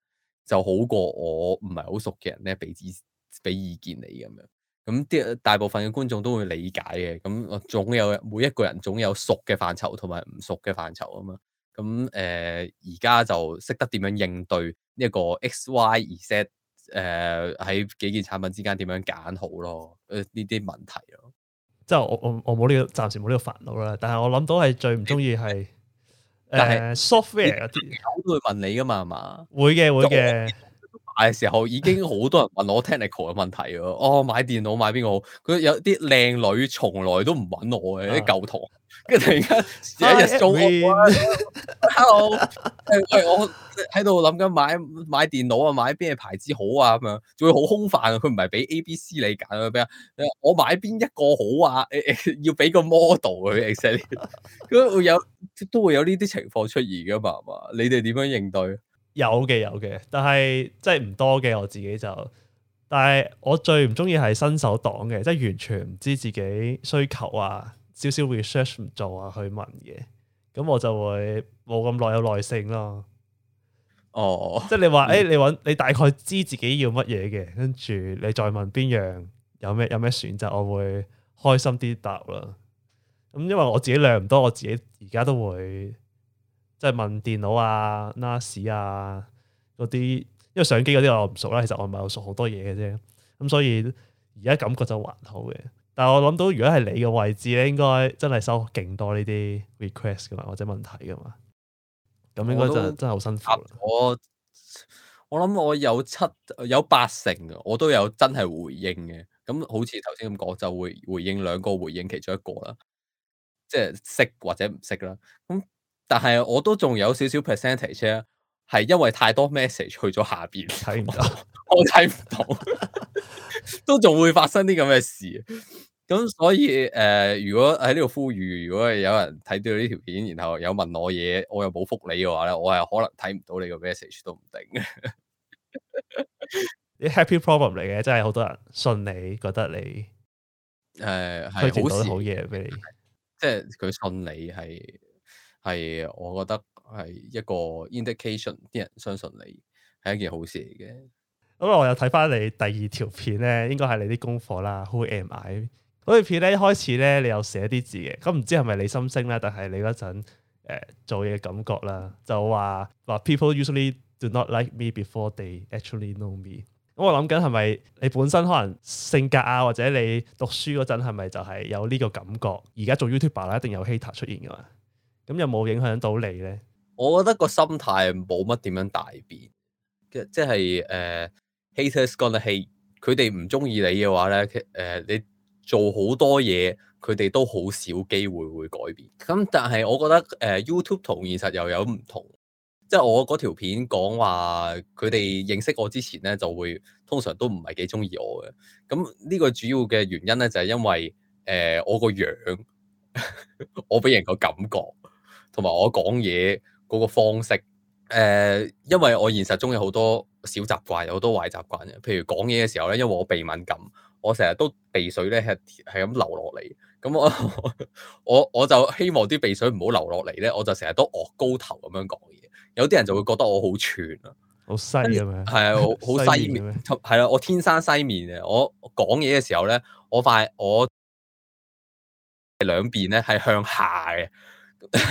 就好過我唔係好熟嘅人咧俾意俾意見你咁樣。咁啲大部分嘅觀眾都會理解嘅。咁我總有每一個人總有熟嘅範疇同埋唔熟嘅範疇啊嘛。咁誒，而家、嗯呃、就識得點樣應對呢一個 X Y Z、呃、Y 二 set 誒，喺幾件產品之間點樣揀好咯？誒呢啲問題咯，即係我我我冇呢個，暫時冇呢個煩惱啦。但係我諗到係最唔中意係誒 software，啲都會問你噶嘛係嘛？會嘅會嘅，買嘅有的時候已經好多人問我 technical 嘅問題喎。 哦，買電腦買邊個好？佢有啲靚女從來都唔揾我嘅啲舊同跟住 突然間，一日做我，hello，係我喺度諗緊買買電腦啊，買邊個牌子好啊咁樣，仲會好空泛啊。佢唔係俾 A、B、C 你揀啊，咩啊？我買邊一個好啊？要俾個 model 佢。e x c 佢會有都會有呢啲情況出現噶嘛？嘛，你哋點樣應對？有嘅有嘅，但係即係唔多嘅。我自己就，但係我最唔中意係新手黨嘅，即係完全唔知自己需求啊。少少 research 唔做啊，去問嘢，咁我就會冇咁耐有耐性咯。哦，oh，即係你話誒，你搵你大概知自己要乜嘢嘅，跟住你再問邊樣有咩有咩選擇，我會開心啲答啦。咁因為我自己量唔多，我自己而家都會即係問電腦啊、NAS 啊嗰啲，因為相機嗰啲我唔熟啦。其實我唔係好熟好多嘢嘅啫，咁，嗯，所以而家感覺就還好嘅。但係我諗到，如果係你嘅位置咧，應該真係收勁多呢啲 request 噶嘛，或者問題噶嘛，咁應該就都真係好辛苦。我我諗我，我有七有八成，我都有真係回應嘅。咁好似頭先咁講，就會回應兩個，回應其中一個啦，即係識或者唔識啦。咁但係我都仲有少少 percentage 啊係因為太多 message 去咗下邊，睇唔到， 我睇唔到， 都仲會發生啲咁嘅事。咁所以誒、呃，如果喺呢度呼籲，如果有人睇到呢條片，然後有問我嘢，我又冇覆你嘅話咧，我係可能睇唔到你個 message 都唔定。你 happy problem 嚟嘅，真係好多人信你，覺得你誒、呃、推薦到啲好嘢俾，即係佢信你係係，我覺得。係一個 indication，啲人相信你係一件好事嚟嘅。咁我又睇翻你第二條片咧，應該係你啲功課啦。Who am I？嗰條片咧一開始咧，你有寫啲字嘅。咁唔知係咪你心聲啦？但係你嗰陣誒做嘢嘅感覺啦，就話話 people usually do not like me before they actually know me。咁我諗緊係咪你本身可能性格啊，或者你讀書嗰陣係咪就係有呢個感覺？而家做 YouTuber 啦，一定有 hater 出現噶嘛？咁有冇影響到你咧？我覺得個心態冇乜點樣大變，即係誒，haters gonna hate，係佢哋唔中意你嘅話咧，誒、呃，你做好多嘢，佢哋都好少機會會改變。咁但係我覺得誒、呃、，YouTube 同現實又有唔同，即係我嗰條片講話，佢哋認識我之前咧，就會通常都唔係幾中意我嘅。咁呢個主要嘅原因咧，就係、是、因為誒我個樣，我俾 人個感覺，同埋我講嘢。嗰個方式，誒、嗯，因為我現實中有好多小習慣，有好多壞習慣嘅。譬如講嘢嘅時候咧，因為我鼻敏感，我成日都鼻水咧係係咁流落嚟。咁我 我我就希望啲鼻水唔好流落嚟咧，我就成日都惡高頭咁樣講嘢。有啲人就會覺得我好串啊，好西啊，係啊，好西面，係啊， 我天生西面嘅。我講嘢嘅時候咧，我塊我兩邊咧係向下嘅。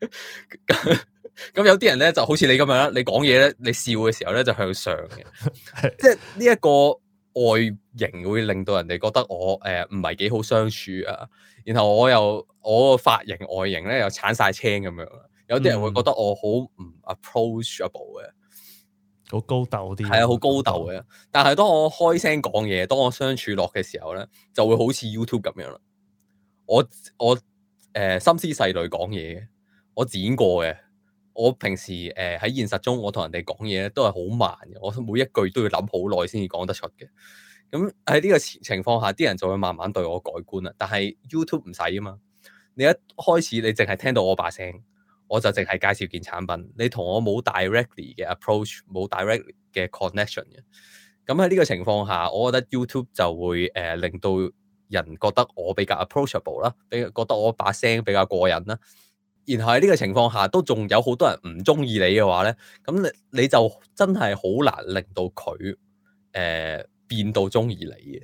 咁有啲人咧就好似你咁樣，你講嘢咧，你笑嘅時候咧就向上嘅， 即係呢一個外形會令到人哋覺得我誒唔係幾好相處啊。然後我又我個髮型外形咧又鏟晒青咁樣，有啲人會覺得我好唔 approachable 嘅，好、嗯、高斗啲，係啊，好高竇嘅。但係當我開聲講嘢，當我相處落嘅時候咧，就會好似 YouTube 咁樣啦。我我誒、呃、心思細慮講嘢，我剪過嘅。我平時誒喺、呃、現實中，我同人哋講嘢都係好慢嘅，我每一句都要諗好耐先至講得出嘅。咁喺呢個情況下，啲人就會慢慢對我改觀啦。但係 YouTube 唔使啊嘛，你一開始你淨係聽到我把聲，我就淨係介紹件產品，你同我冇 directly 嘅 approach，冇 directly 嘅 connection 嘅。咁喺呢個情況下，我覺得 YouTube 就會誒、呃、令到人覺得我比較 approachable 啦，比覺得我把聲比較過癮啦。然後喺呢個情況下都仲有好多人唔中意你嘅話咧，咁你你就真係好難令到佢誒、呃、變到中意你嘅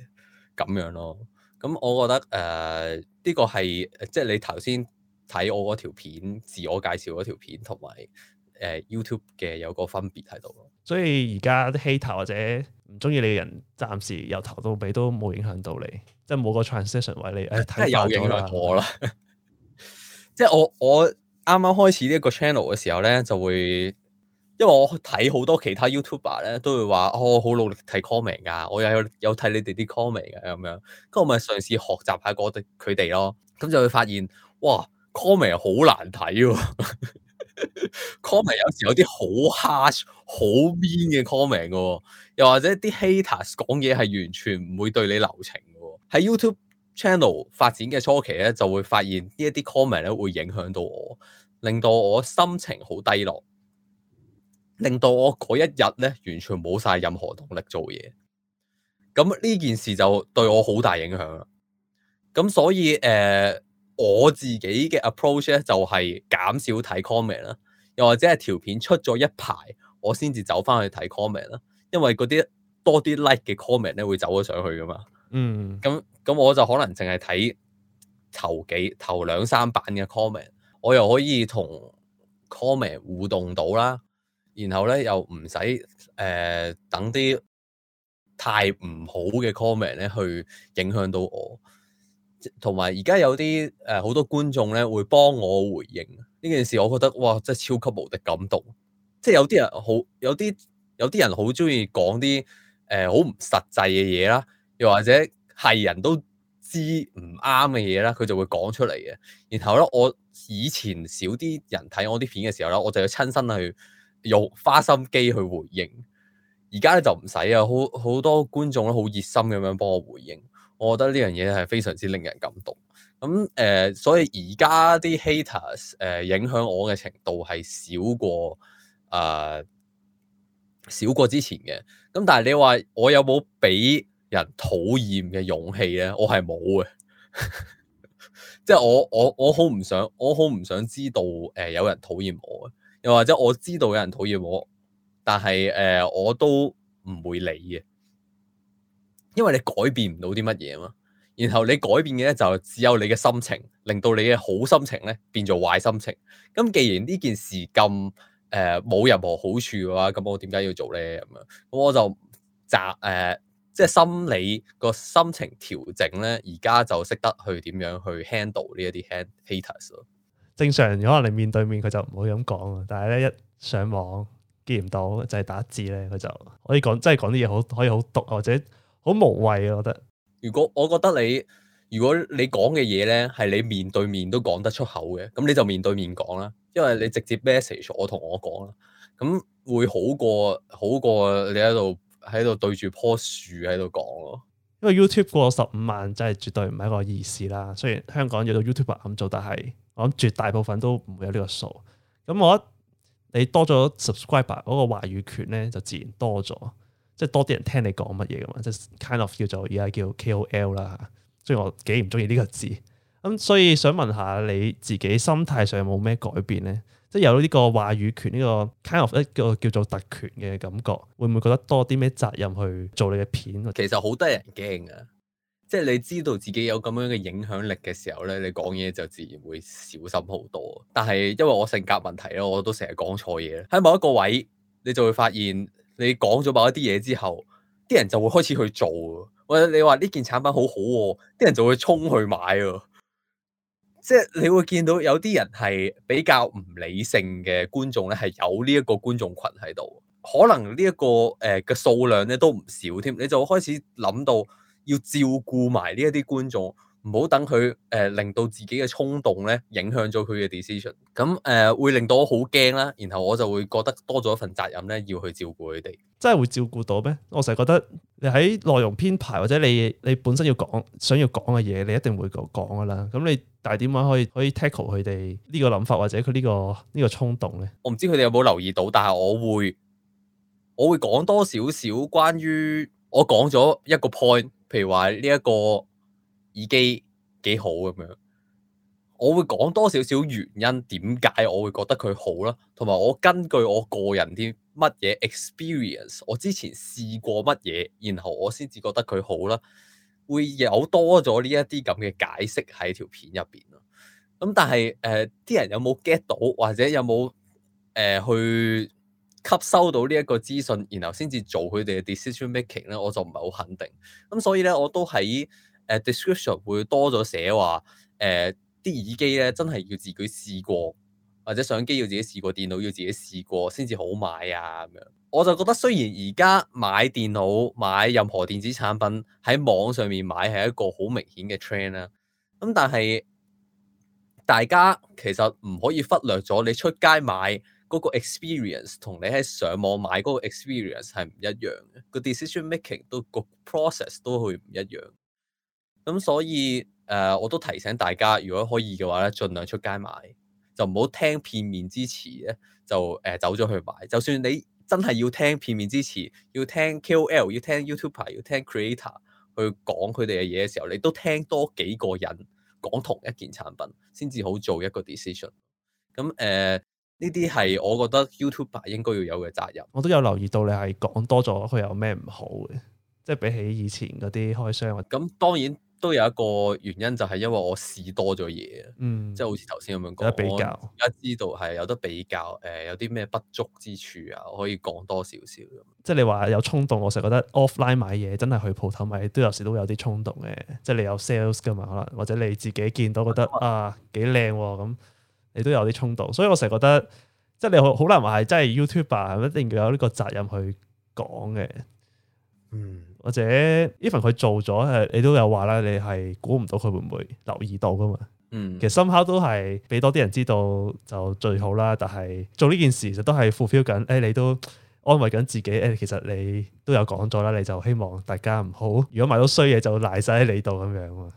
咁樣咯。咁、嗯、我覺得誒呢、呃這個係即係你頭先睇我嗰條片，自我介紹嗰條片同埋誒 YouTube 嘅有個分別喺度咯。所以而家啲 hater 或者唔中意你嘅人，暫時由頭到尾都冇影響到你，即係冇個 transition 位你誒，又、哎、影響我啦。 即係我我啱啱開始呢一個 channel 嘅時候咧，就會因為我睇好多其他 YouTuber 咧，都會話、哦、我好努力睇 comment 噶，我又有有睇你哋啲 comment 嘅咁樣，咁我咪嘗試學習下個佢哋咯。咁就會發現哇，comment 好難睇喎 ，comment 有時有啲好 harsh 好 mean 嘅 comment 噶，又或者啲 hater 講嘢係完全唔會對你留情嘅喎，喺 YouTube。channel 發展嘅初期咧，就會發現呢一啲 comment 咧會影響到我，令到我心情好低落，令到我嗰一日咧完全冇晒任何動力做嘢。咁呢件事就對我好大影響啊！咁所以誒、呃，我自己嘅 approach 咧就係、係、減少睇 comment 啦，又或者係條片出咗一排，我先至走翻去睇 comment 啦，因為嗰啲多啲 like 嘅 comment 咧會走咗上去噶嘛。嗯，咁咁我就可能淨係睇頭幾頭兩三版嘅 comment，我又可以同 comment 互動到啦，然後咧又唔使誒等啲太唔好嘅 comment 咧去影響到我，同埋而家有啲誒好多觀眾咧會幫我回應呢件事，我覺得哇真係超級無敵感動，即係有啲人好有啲有啲人好中意講啲誒好唔實際嘅嘢啦。又或者係人都知唔啱嘅嘢啦，佢就會講出嚟嘅。然後咧，我以前少啲人睇我啲片嘅時候咧，我就要親身去用花心機去回應。而家咧就唔使啊，好好多觀眾咧好熱心咁樣幫我回應。我覺得呢樣嘢係非常之令人感動。咁、嗯、誒、呃，所以而家啲 haters 誒、呃、影響我嘅程度係少過啊、呃、少過之前嘅。咁、嗯、但係你話我有冇俾人討厭嘅勇氣咧，我係冇嘅， 即係我我我好唔想，我好唔想知道誒，有人討厭我，又或者我知道有人討厭我，但係誒、呃、我都唔會理嘅，因為你改變唔到啲乜嘢嘛。然後你改變嘅咧就只有你嘅心情，令到你嘅好心情咧變做壞心情。咁既然呢件事咁誒冇任何好處嘅話，咁我點解要做咧？咁樣咁我就擇誒。呃即係心理個心情調整咧，而家就識得去點樣去 handle 呢一啲 haters 咯。正常可能你面對面佢就唔會咁講，但係咧一上網見唔到就係打字咧，佢就可以講，真係講啲嘢好可以好毒或者好無謂啊！我覺得，如果我覺得你如果你講嘅嘢咧係你面對面都講得出口嘅，咁你就面對面講啦，因為你直接 message 我同我講啦，咁會好過好過你喺度。喺度對住棵樹喺度講咯，因為 YouTube 過十五萬真係絕對唔係一個意思啦。雖然香港有啲 YouTuber 咁做，但係我諗絕大部分都唔會有呢個數。咁我覺得你多咗 subscriber 嗰個話語權咧，就自然多咗，即係多啲人聽你講乜嘢噶嘛。即係 kind of 叫做而家叫 KOL 啦，雖然我幾唔中意呢個字。咁所以想問下你自己心態上有冇咩改變咧？即係有呢個話語權，呢個 kind of 一個叫做特權嘅感覺，會唔會覺得多啲咩責任去做你嘅片？其實好得人驚㗎！即係你知道自己有咁樣嘅影響力嘅時候咧，你講嘢就自然會小心好多。但係因為我性格問題咯，我都成日講錯嘢。喺某一個位，你就會發現你講咗某一啲嘢之後，啲人就會開始去做。或者你話呢件產品好好喎，啲人就會衝去買喎。即係你會見到有啲人係比較唔理性嘅觀眾咧，係有呢一個觀眾群喺度，可能、這個呃、呢一個誒嘅數量咧都唔少添，你就開始諗到要照顧埋呢一啲觀眾，唔好等佢誒，令到自己嘅衝動咧影響咗佢嘅 decision。咁誒、呃，會令到我好驚啦。然後我就會覺得多咗一份責任咧，要去照顧佢哋。真係會照顧到咩？我成日覺得你喺內容編排或者你你本身要講想要講嘅嘢，你一定會講嘅啦。咁你但係點樣可以可以 tackle 佢哋呢個諗法或者佢、呢、呢個呢、呢個衝動咧？我唔知佢哋有冇留意到，但係我會我會講多少少關於我講咗一個 point，譬如話呢一個。耳機幾好咁樣，我會講多少少原因，點解我會覺得佢好啦，同埋我根據我個人啲乜嘢 experience，我之前試過乜嘢，然後我先至覺得佢好啦，會有多咗呢一啲咁嘅解釋喺條片入邊咯。咁、嗯、但係誒，啲、呃、人有冇 get 到或者有冇誒、呃、去吸收到呢一個資訊，然後先至做佢哋嘅 decision making 咧，我就唔係好肯定。咁、嗯、所以咧，我都喺。誒 description 會多咗寫話，誒、呃、啲耳機咧真係要自己試過，或者相機要自己試過，電腦要自己試過先至好買啊咁樣。我就覺得雖然而家買電腦買任何電子產品喺網上面買係一個好明顯嘅 trend 啦、啊，咁但係大家其實唔可以忽略咗你出街買嗰個 experience 同你喺上網買嗰個 experience 係唔一樣嘅，個 decision making 都、個 process 都會唔一樣。咁所以誒、呃，我都提醒大家，如果可以嘅話，咧，盡量出街買，就唔好聽片面之詞，咧，就誒、呃、走咗去買。就算你真係要聽片面之詞，要聽 KOL，要聽 YouTuber，要聽 Creator 去講佢哋嘅嘢嘅時候，你都聽多幾個人講同一件產品，先至好做一個 decision。咁誒，呢啲係我覺得 YouTuber 應該要有嘅責任。我都有留意到你係講多咗佢有咩唔好嘅，即係比起以前嗰啲開箱啊。咁當然。都有一個原因，就係、是、因為我試多咗嘢，嗯、即係好似頭先咁樣講，而家知道係有得比較，誒有啲咩、呃、不足之處啊，我可以講多少少。即係你話有衝動，我成日覺得 offline 買嘢真係去鋪頭買都有時都有啲衝動嘅。即係你有 sales 噶嘛，可能或者你自己見到覺得、嗯、啊幾靚咁，你都有啲衝動。所以我成日覺得，即係你好難話係真係 YouTuber 一定要有呢個責任去講嘅。嗯。或者 even 佢做咗誒，你都有話啦，你係估唔到佢會唔會留意到㗎嘛？嗯，其實深敲都係俾多啲人知道就最好啦。但係做呢件事其實都係 fulfill 緊，誒，你都安慰緊自己誒，其實你都有講咗啦，你就希望大家唔好如果買到衰嘢就賴晒喺你度咁樣啊。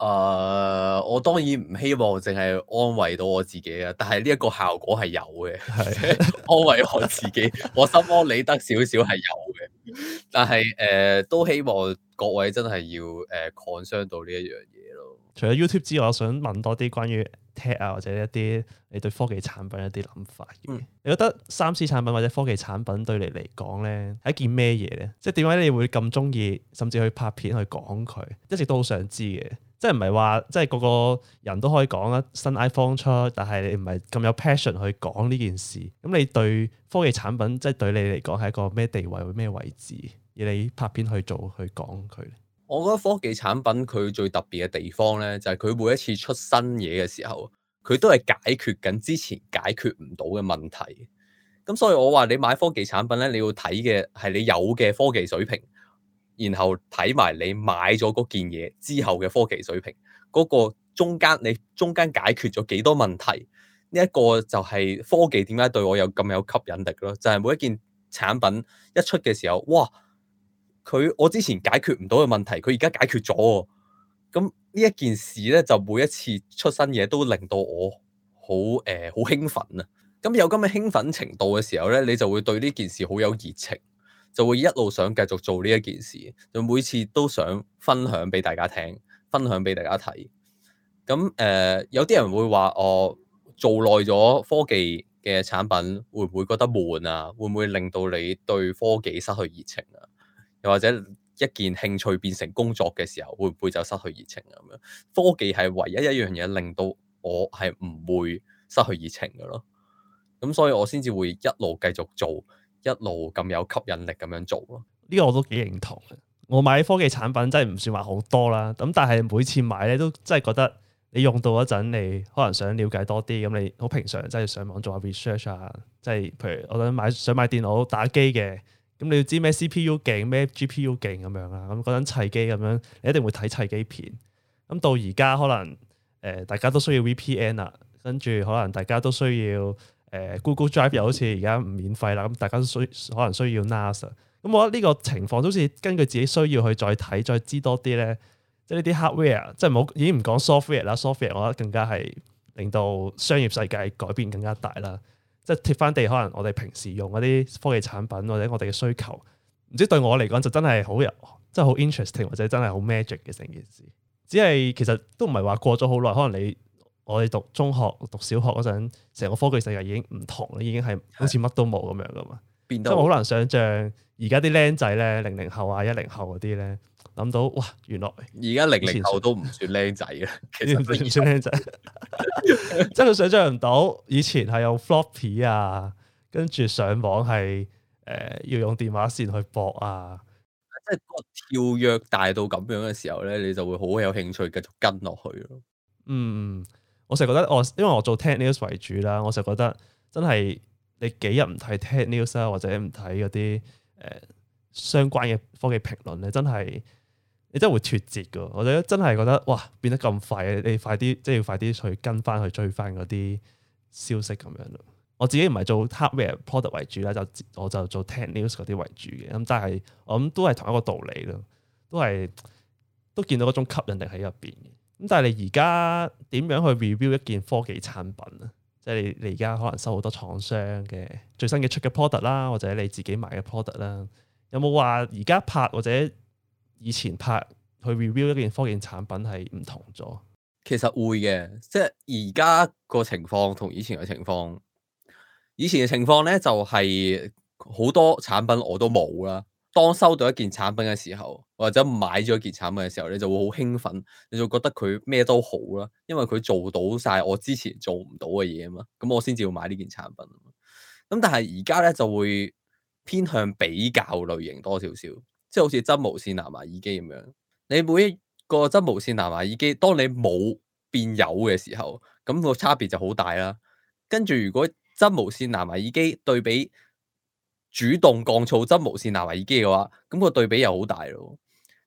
誒、呃，我當然唔希望淨係安慰到我自己啊，但係呢一個效果係有嘅，是的 安慰我自己， 我心安理得少少係有嘅。但係誒、呃，都希望各位真係要誒抗傷到呢一樣嘢咯。除咗 YouTube 之外，我想問多啲關於 Tech 啊，或者一啲你對科技產品一啲諗法、嗯、你覺得三 C 產品或者科技產品對你嚟講咧係一件咩嘢咧？即係點解你會咁中意，甚至去拍片去講佢？一直都好想知嘅。即係唔係話，即係個個人都可以講啦。新 iPhone 出，但係你唔係咁有 passion 去講呢件事。咁你對科技產品，即係對你嚟講係一個咩地位，咩位置？而你拍片去做去講佢咧？我覺得科技產品佢最特別嘅地方咧，就係、是、佢每一次出新嘢嘅時候，佢都係解決緊之前解決唔到嘅問題。咁所以我話你買科技產品咧，你要睇嘅係你有嘅科技水平。然後睇埋你買咗嗰件嘢之後嘅科技水平，嗰個中間你中間解決咗幾多問題？呢一個就係科技點解對我有咁有吸引力咯？就係每一件產品一出嘅時候，哇！佢我之前解決唔到嘅問題，佢而家解決咗喎。咁呢一件事呢，就每一次出新嘢都令到我好誒好興奮啊！咁有咁嘅興奮程度嘅時候呢，你就會對呢件事好有熱情。就會一路想繼續做呢一件事，就每次都想分享俾大家聽，分享俾大家睇。咁誒、呃，有啲人會話我、哦、做耐咗科技嘅產品，會唔會覺得悶啊？會唔會令到你對科技失去熱情啊？又或者一件興趣變成工作嘅時候，會唔會就失去熱情咁、啊、樣？科技係唯一一樣嘢令到我係唔會失去熱情嘅咯。咁所以，我先至會一路繼續做。一路咁有吸引力咁樣做咯，呢個我都幾認同。我買科技產品真係唔算話好多啦，咁但係每次買咧都真係覺得你用到嗰陣，你可能想了解多啲，咁你好平常即係上網上做下 research 啊，即係譬如我想買想買電腦打機嘅，咁你要知咩 CPU 勁，咩 GPU 勁咁樣啊，咁嗰陣砌機咁樣，你一定會睇砌機片。咁到而家可能誒、呃、大家都需要 VPN 啦，跟住可能大家都需要。誒 Google Drive 又好似而家唔免費啦，咁大家都需可能需要 NAS，咁我覺得呢個情況都好似根據自己需要去再睇再知多啲咧，即係呢啲 hardware，即唔好已經唔講 software 啦，software 我覺得更加係令到商業世界改變更加大啦。即係貼翻地，可能我哋平時用一啲科技產品或者我哋嘅需求，唔知對我嚟講就真係好有真係好 interesting 或者真係好 magic 嘅成件事，只係其實都唔係話過咗好耐，可能你。我哋讀中學、讀小學嗰陣，成個科技世界已經唔同啦，已經係好似乜都冇咁樣噶嘛，變即係好難想象而家啲靚仔咧，零零後啊、一零後嗰啲咧，諗到哇，原來而家零零後以前 都唔算靚仔嘅， 其實唔算靚仔，真係 想象唔到以前係有 floppy 啊，跟住上網係誒、呃、要用電話線去搏啊，即係跳躍大到咁樣嘅時候咧，你就會好有興趣繼續跟落去咯，嗯。我成日覺得我因為我做 tech news 為主啦，我成日覺得真係你幾日唔睇 tech news 啊，或者唔睇嗰啲誒相關嘅科技評論咧，真係你真係會脫節嘅。我真係覺得哇，變得咁快，你快啲即係要快啲去跟翻去追翻嗰啲消息咁樣咯。我自己唔係做 hardware product 為主啦，就我就做 tech news 嗰啲為主嘅。咁但係我諗都係同一個道理咯，都係都見到嗰種吸引力喺入邊咁但係你而家點樣去 review 一件科技產品啊？即係你你而家可能收好多廠商嘅最新嘅出嘅 product 啦，或者你自己買嘅 product 啦，有冇話而家拍或者以前拍去 review 一件科技產品係唔同咗？其實會嘅，即係而家個情況同以前嘅情況，以前嘅情況咧就係好多產品我都冇啦。當收到一件產品嘅時候，或者買咗件產品嘅時候，你就會好興奮，你就覺得佢咩都好啦，因為佢做到晒我之前做唔到嘅嘢啊嘛，咁我先至會買呢件產品。咁但係而家咧就會偏向比較類型多少少，即係好似真無線藍牙耳機咁樣。你每一個真無線藍牙耳機，當你冇變有嘅時候，咁個差別就好大啦。跟住如果真無線藍牙耳機對比，主動降噪真無線藍牙耳機嘅話，咁個對比又好大咯。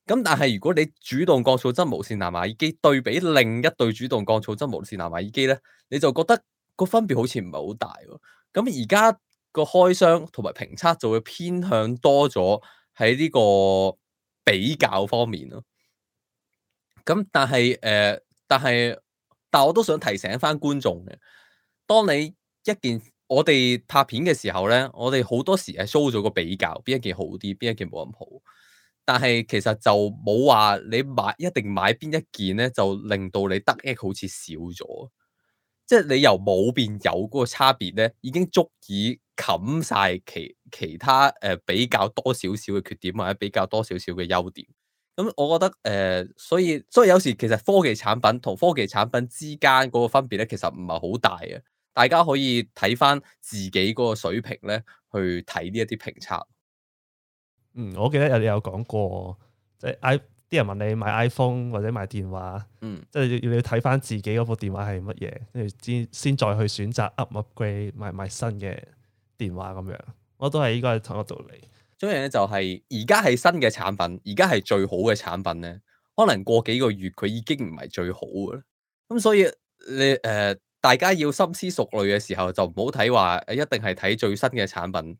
咁但係如果你主動降噪真無線藍牙耳機對比另一對主動降噪真無線藍牙耳機咧，你就覺得個分別好似唔係好大喎。咁而家個開箱同埋評測就會偏向多咗喺呢個比較方面咯。咁但係誒、呃，但係但我都想提醒返觀眾嘅，當你一件。我哋拍片嘅時候咧，我哋好多時係 show 咗個比較，邊一件好啲，邊一件冇咁好。但係其實就冇話你買一定買邊一件咧，就令到你得益好似少咗。即係你由冇變有嗰個差別咧，已經足以冚晒其其他誒、呃、比較多少少嘅缺點或者比較多少少嘅優點。咁、嗯、我覺得誒、呃，所以所以有時其實科技產品同科技產品之間嗰個分別咧，其實唔係好大嘅。大家可以睇翻自己嗰個水平咧，去睇呢一啲評測。嗯，我記得有你有講過，即係 i 啲人問你買 iPhone 或者買電話，嗯，即係要要你睇翻自己嗰部電話係乜嘢，跟住先先再去選擇 up upgrade 買買新嘅電話咁樣。我都係依個係同一個道理。仲有咧就係而家係新嘅產品，而家係最好嘅產品咧，可能過幾個月佢已經唔係最好嘅咧。咁所以你誒，呃大家要深思熟慮嘅時候，就唔好睇話，一定係睇最新嘅產品。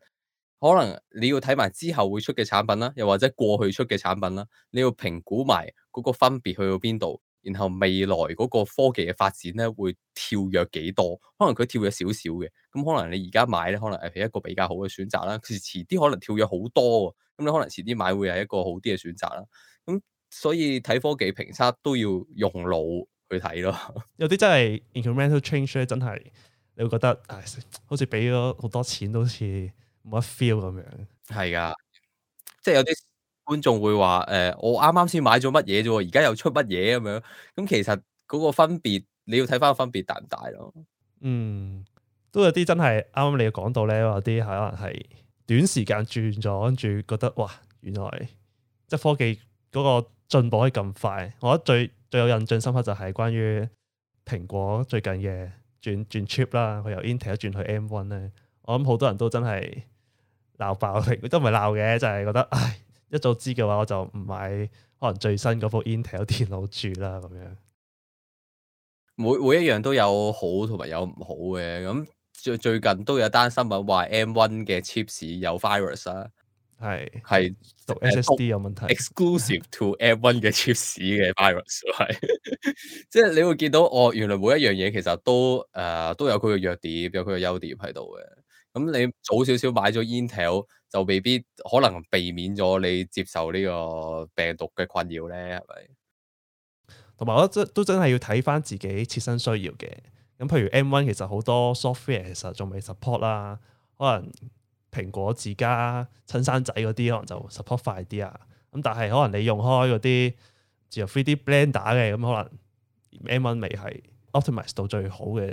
可能你要睇埋之後會出嘅產品啦，又或者過去出嘅產品啦，你要評估埋嗰個分別去到邊度，然後未來嗰個科技嘅發展咧會跳躍幾多？可能佢跳躍少少嘅，咁可能你而家買咧，可能係一個比較好嘅選擇啦。佢遲啲可能跳躍好多，咁你可能遲啲買會係一個好啲嘅選擇啦。咁所以睇科技評測都要用腦。去睇咯，有啲真係 incremental change 咧，真係你會覺得，哎、好似俾咗好多錢，都好似冇乜 feel 咁樣。係噶，即係有啲觀眾會話誒、呃，我啱啱先買咗乜嘢啫，而家又出乜嘢咁樣。咁其實嗰個分別，你要睇翻個分別大唔大咯。嗯，都有啲真係啱啱你講到咧，有啲可能係短時間轉咗，跟住覺得哇，原來即係科技嗰、嗰個。進步可以咁快，我覺得最最有印象深刻就係關於蘋果最近嘅轉轉 chip 啦，佢由 Intel 轉去 M1 咧，我諗好多人都真係鬧爆佢，都唔係鬧嘅，就係、是、覺得唉，一早知嘅話我就唔買可能最新嗰部 Intel 電腦住啦咁樣。每每一樣都有好同埋有唔好嘅，咁最最近都有單新聞話 M1 嘅 chips 有 virus 啊。係係讀 SSD 有問題，exclusive to M1 嘅超市嘅 virus，係即係你會見到我原來每一樣嘢其實都誒、呃、都有佢嘅弱點，有佢嘅優點喺度嘅。咁你早少少買咗 Intel 就未必可能避免咗你接受呢個病毒嘅困擾咧，係咪？同埋我真都真係要睇返自己切身需要嘅。咁譬如 M1 其實好多 software 其實仲未 support 啦，可能。蘋果自家親生仔嗰啲可能就 support 快啲啊，咁但係可能你用開嗰啲自由 free d blender 嘅，咁可能 M One 未係 optimize 到最好嘅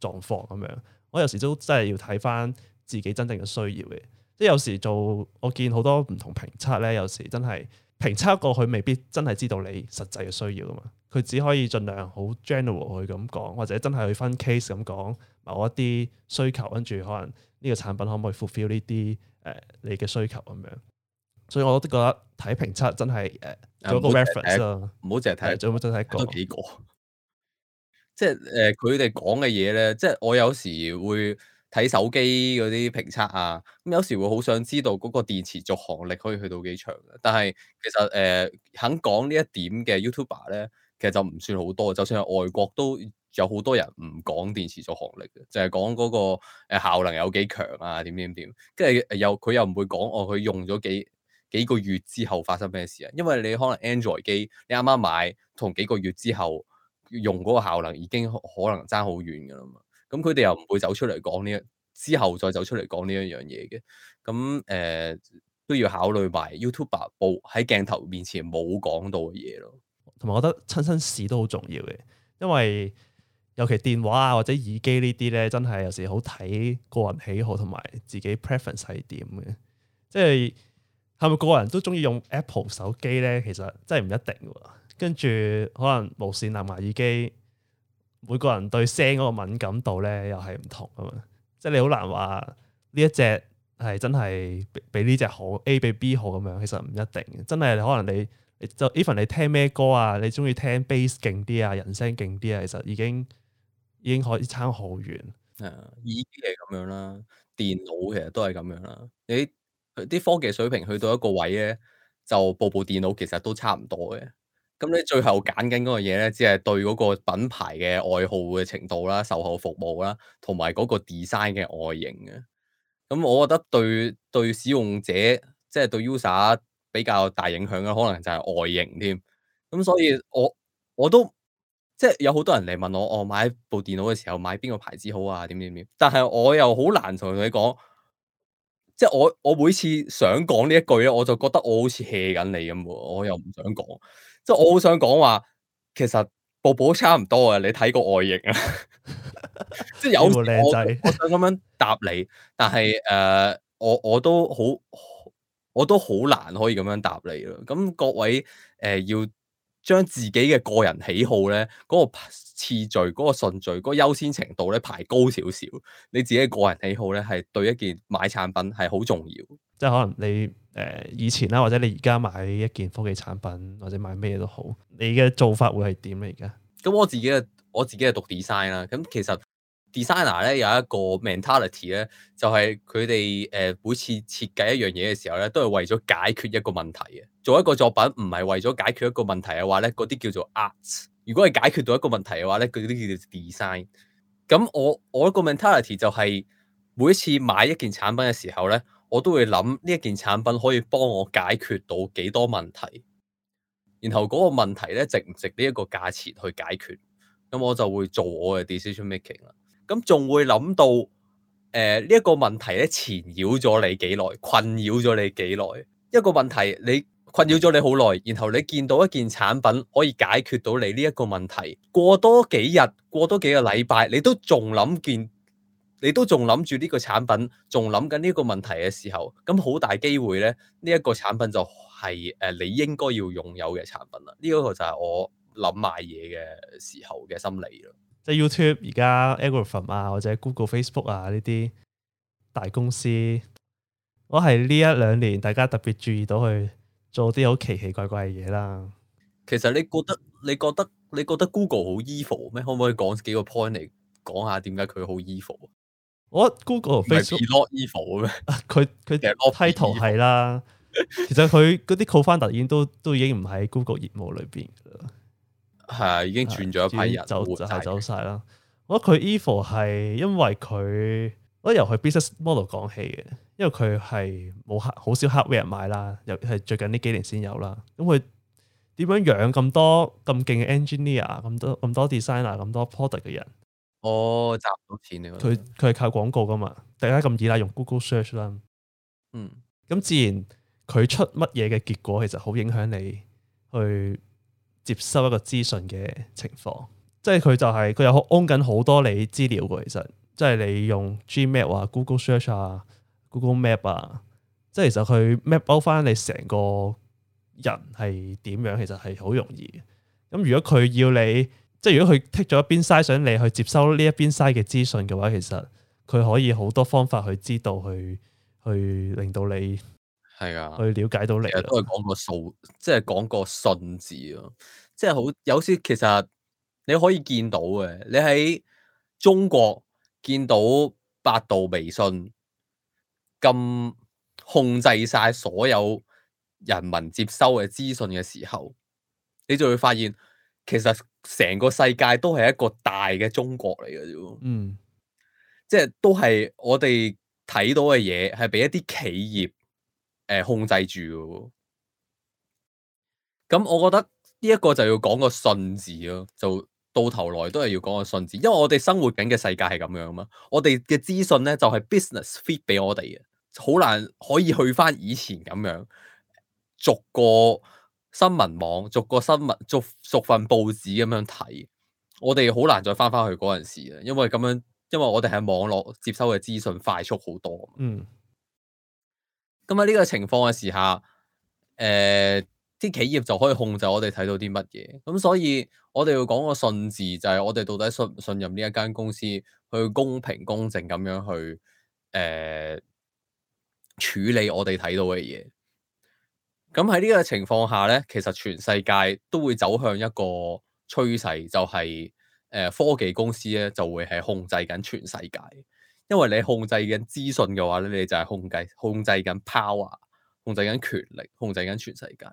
狀況咁樣，我有時都真係要睇翻自己真正嘅需要嘅。即係有時做我見好多唔同評測咧，有時真係評測過佢未必真係知道你實際嘅需要啊嘛，佢只可以盡量好 general 去咁講，或者真係去分 case 咁講某一啲需求跟住可能。呢個產品可唔可以 fulfill 呢啲誒你嘅需求咁樣？所以我都覺得睇評測真係誒、呃啊、做個 reference 唔好淨、啊、係睇，做真都睇講多幾個， 即係誒佢哋講嘅嘢咧。即係我有時會睇手機嗰啲評測啊，咁有時會好想知道嗰個電池續航力可以去到幾長。但係其實誒、呃、肯講呢一點嘅 YouTuber 咧，其實就唔算好多。就算係外國都。有好多人唔講電池續航力，就係講嗰個效能有幾強啊？點點點，跟住又佢又唔會講哦，佢用咗幾幾個月之後發生咩事啊？因為你可能 Android 機你啱啱買，同幾個月之後用嗰個效能已經可能差好遠㗎喇嘛。咁佢哋又唔會走出嚟講呢一，之後再走出嚟講呢一樣嘢嘅。咁、嗯、誒、呃、都要考慮埋 YouTuber 喺鏡頭面前冇講到嘅嘢咯。同埋我覺得親身試都好重要嘅，因為尤其電話啊，或者耳機呢啲咧，真係有時好睇個人喜好同埋自己 preference 係點嘅。即係係咪個人都中意用 Apple 手機咧？其實真係唔一定。跟住可能無線藍牙耳機，每個人對聲嗰個敏感度咧又係唔同啊嘛。即係你好難話呢一隻係真係比呢隻好，A 比 B 好咁樣，其實唔一定。真係可能你就 even 你聽咩歌啊，你中意聽 bass 勁啲啊，人聲勁啲啊，其實已經。已經可以差好遠，係啊！耳機係咁樣啦，電腦其實都係咁樣啦。你啲科技水平去到一個位咧，就部部電腦其實都差唔多嘅。咁你最後揀緊嗰樣嘢咧，只係對嗰個品牌嘅愛好嘅程度啦，售後服務啦，同埋嗰個 design 嘅外形嘅。咁我覺得對對使用者即係、就是、對 user 比較大影響嘅，可能就係外形添。咁所以我我都。即係有好多人嚟問我，我、哦、買部電腦嘅時候買邊個牌子好啊？點點點？但係我又好難同佢講，即係我我每次想講呢一句咧，我就覺得我好似 hea 緊你咁喎，我又唔想講。即係我好想講話，其實部部都差唔多啊。你睇個外形，啊， 即係有靚仔。我想咁樣答你，但係誒、呃，我我都好我都好難可以咁樣答你咯。咁各位誒、呃、要。將自己嘅個人喜好咧，嗰、嗰個次序、嗰、嗰個順序、嗰、嗰個優先程度咧排高少少。你自己嘅個人喜好咧，係對一件買產品係好重要。即係可能你誒、呃、以前啦，或者你而家買一件科技產品，或者買咩都好，你嘅做法會係點嚟嘅？咁我自己嘅，我自己係讀 design 啦。咁、嗯、其實 designer 咧有一個 mentality 咧，就係佢哋誒每次設計一樣嘢嘅時候咧，都係為咗解決一個問題嘅。做一個作品唔係為咗解決一個問題嘅話咧，嗰啲叫做 arts；如果係解決到一個問題嘅話咧，嗰啲叫做 design。咁我我一個 mentality 就係每一次買一件產品嘅時候咧，我都會諗呢一件產品可以幫我解決到幾多問題，然後嗰個問題咧值唔值呢一個價錢去解決？咁我就會做我嘅 decision making 啦。咁仲會諗到誒呢一個問題咧纏繞咗你幾耐，困擾咗你幾耐？一個問題你困擾咗你好耐，然後你見到一件產品可以解決到你呢一個問題，過多幾日，過多幾個禮拜，你都仲諗見，你都仲諗住呢個產品，仲諗緊呢個問題嘅時候，咁好大機會咧，呢一個產品就係誒你應該要擁有嘅產品啦。呢一個就係我諗買嘢嘅時候嘅心理咯。即係 YouTube 而家 Alphabet 啊，或者 Google、Facebook 啊呢啲大公司，我係呢一兩年大家特別注意到佢。做啲好奇奇怪怪嘅嘢啦。其實你覺得你覺得你覺得 Google 好 evil 咩？可唔可以講幾個 point 嚟講下點解佢好 evil？我覺得 Google 非常之 evil 嘅咩？佢佢 title 係啦。其實佢嗰啲 cofounder 已經都都已經唔喺 Google 業務裏邊㗎啦。係 啊，已經轉咗一批人。啊、就，就，就，就走晒啦、啊。我覺得佢 evil 係因為佢我由佢 business model 講起嘅。因為佢係冇 hardware，好少 hardware 人買啦，又係最近呢幾年先有啦。咁佢點樣養咁多咁勁嘅 engineer，咁多咁多 designer，咁多 product 嘅人？哦，賺到錢佢佢係靠廣告㗎嘛？大家咁依賴用 Google Search 啦。嗯，咁自然佢出乜嘢嘅結果，其實好影響你去接收一個資訊嘅情況。即係佢就係、是、佢有好，own 緊好多你資料噶。其實即係你用 Gmail 啊、Google Search 啊。Google Map 啊，即係其實佢 map 包翻你成個人係點樣，其實係好容易嘅。咁如果佢要你，即係如果佢剔咗一邊 size，想你去接收呢一邊 size 嘅資訊嘅話，其實佢可以好多方法去知道，去去令到你係啊，的去了解到你。其實都係講個數，即係講個信字咯，即係好有時其實你可以見到嘅。你喺中國見到百度微信。咁控制晒所有人民接收嘅資訊嘅時候，你就會發現，其實成個世界都係一個大嘅中國嚟嘅啫。嗯，即係都係我哋睇到嘅嘢係俾一啲企業誒控制住嘅。咁我覺得呢一個就要講個信字咯，就到頭來都係要講個信字，因為我哋生活緊嘅世界係咁樣啊嘛。我哋嘅資訊咧就係、是、business feed 俾我哋嘅。好難可以去翻以前咁樣逐個新聞網，逐個新聞，逐逐份報紙咁樣睇。我哋好難再翻翻去嗰陣時啊，因為咁樣，因為我哋喺網絡接收嘅資訊快速好多。嗯。咁喺呢個情況嘅時候，誒、呃，啲企業就可以控制我哋睇到啲乜嘢。咁所以，我哋要講個信字，就係我哋到底信唔信任呢一間公司去公平公正咁樣去誒。呃處理我哋睇到嘅嘢，咁喺呢個情況下咧，其實全世界都會走向一個趨勢，就係、是、誒、呃、科技公司咧就會係控制緊全世界，因為你控制緊資訊嘅話咧，你就係控制控制緊 power，控制緊權力，控制緊全世界。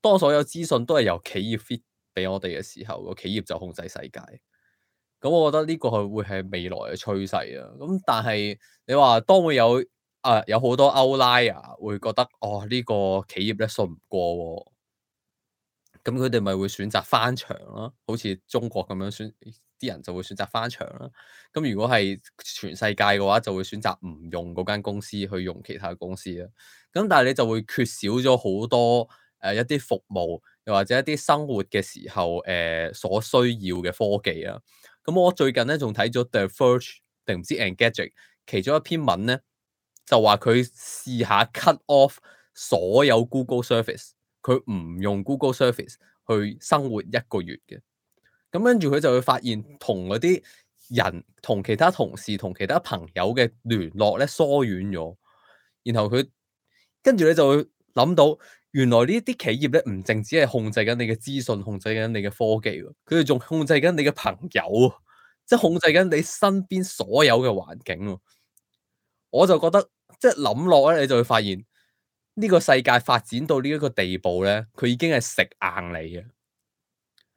當所有資訊都係由企業 fit 俾我哋嘅時候，個企業就控制世界。咁我覺得呢個係會係未來嘅趨勢啊。咁但係你話當會有？啊，uh, 有好多歐拉啊，會覺得哦呢、這個企業咧信唔過喎、哦，咁佢哋咪會選擇翻牆咯，好似中國咁樣選，啲人就會選擇翻牆啦、啊。咁、啊、如果係全世界嘅話，就會選擇唔用嗰間公司，去用其他公司啦、啊。咁但係你就會缺少咗好多誒、呃、一啲服務，又或者一啲生活嘅時候誒、呃、所需要嘅科技啊。咁我最近咧仲睇咗 The Verge 定唔知 Engadget 其中一篇文咧。就話佢試下 cut off 所有 Google service 佢唔用 Google service 去生活一個月嘅，咁跟住佢就會發現同嗰啲人、同其他同事、同其他朋友嘅聯絡咧疏遠咗，然後佢跟住你就會諗到，原來呢啲企業咧唔淨止係控制緊你嘅資訊，控制緊你嘅科技，佢哋仲控制緊你嘅朋友，即係控制緊你身邊所有嘅環境。我就覺得即係諗落咧，就是、你就會發現呢、呢個世界發展到呢一個地步咧，佢已經係食硬你嘅。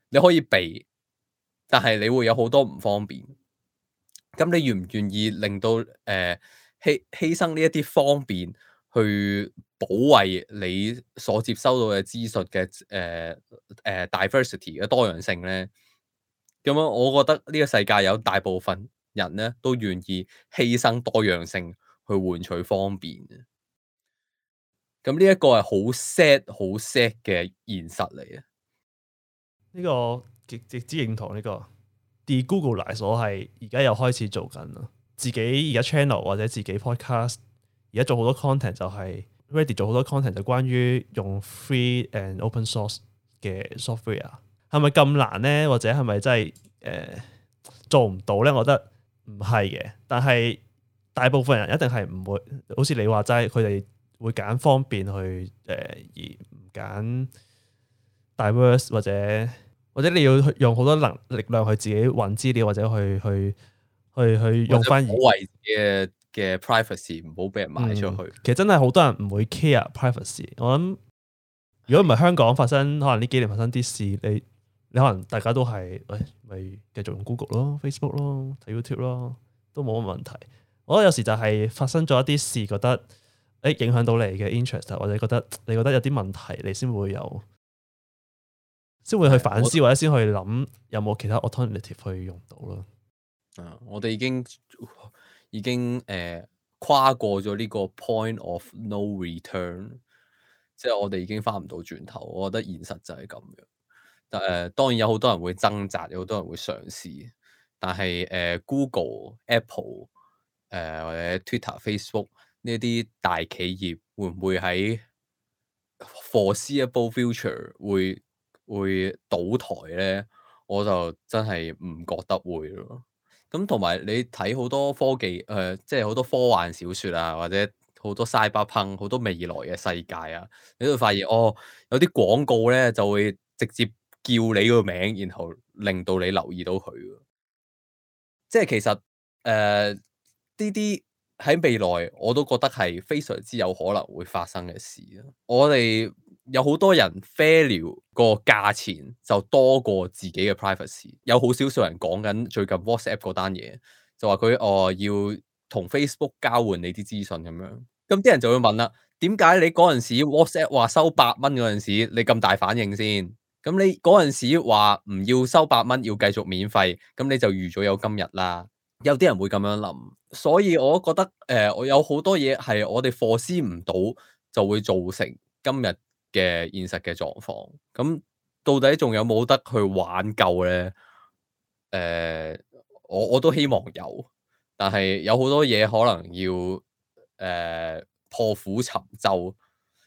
你可以避，但係你會有好多唔方便。咁你願唔願意令到誒犧犧牲呢一啲方便去保衛你所接收到嘅資訊嘅誒誒 diversity 嘅多樣性咧？咁樣，我覺得呢個世界有大部分人咧都願意犧牲多樣性。去換取方便嘅，咁呢一個係好 sad、好 sad 嘅現實嚟嘅。呢、這個極極之認同呢、這個。啲 Google 嚟所係而家又開始做緊啦，自己而家 channel 或者自己 podcast 而家做好多 content 就係、是、ready 做好多 content 就關於用 free and open source 嘅 software 係咪咁難呢？或者係咪真係誒、呃、做唔到呢？我覺得唔係嘅，但係。大部分人一定係唔會，好似你話齋，佢哋會揀方便去誒、呃，而唔揀大 words 或者，或者你要用好多能力量去自己揾資料或者去去去去用翻好嘅嘅 privacy 唔好俾人買出去。嗯、其實真係好多人唔會 care privacy 我。我諗如果唔係香港發生，可能呢幾年發生啲事，你你可能大家都係誒，咪繼續用 Google 咯、Facebook 咯、睇 YouTube 咯，都冇乜問題。我覺得有時就係發生咗一啲事，覺得誒影響到你嘅 interest，或者覺得你覺得有啲問題，你先會有，先會去反思，嗯、或者先去諗有冇其他 alternative 去用到咯。嗯，我哋已經已經誒、呃、跨過咗呢個 point of no return，即係我哋已經翻唔到轉頭。我覺得現實就係咁樣。但誒、呃，當然有好多人會掙扎，有好多人會嘗試。但係誒、呃，Google、Apple。誒、呃，或者 Twitter、Facebook 呢啲大企業會唔會喺 foreseeable future 會會倒台咧？我就真係唔覺得會咯。咁同埋你睇好多科技誒、呃，即係好多科幻小說啊，或者好多賽博朋克，好多未來嘅世界啊，你都會發現哦，有啲廣告咧就會直接叫你個名，然後令到你留意到佢。即係其實誒。呃呢啲喺未來我都覺得係非常之有可能會發生嘅事咯。我哋有好多人 fail 個價錢就多過自己嘅 privacy。有好少數人講緊最近 WhatsApp 嗰單嘢，就話佢哦要同 Facebook 交換你啲資訊咁樣。咁、嗯、啲人就會問啦：點解你嗰陣時 WhatsApp 話收八蚊嗰陣時，你咁大反應先？咁你嗰陣時話唔要收八蚊，要繼續免費，咁你就預咗有今日啦。有啲人會咁樣諗，所以我覺得誒，呃、有我有好多嘢係我哋 foresee 唔到，就會造成今日嘅現實嘅狀況。咁到底仲有冇得去挽救咧？誒、呃，我我都希望有，但係有好多嘢可能要誒、呃、破釜沉舟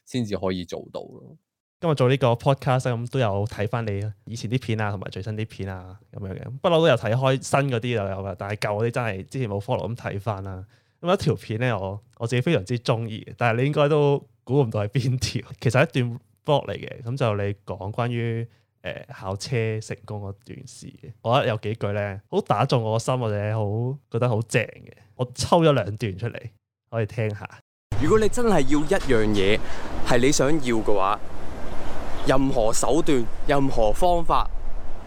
先至可以做到咯。今日做呢個 podcast 咁都有睇翻你以前啲片啊，同埋最新啲片啊咁樣嘅。不嬲都有睇開新嗰啲就有啦，但係舊嗰啲真係之前冇 follow 咁睇翻啦。咁一條片咧，我我自己非常之中意嘅，但係你應該都估唔到係邊條。其實一段 blog 嚟嘅，咁就你講關於誒、呃、考車成功嗰段事嘅，我覺得有幾句咧好打中我個心或者好覺得好正嘅。我抽咗兩段出嚟可以聽下。如果你真係要一樣嘢係你想要嘅話。任何手段、任何方法，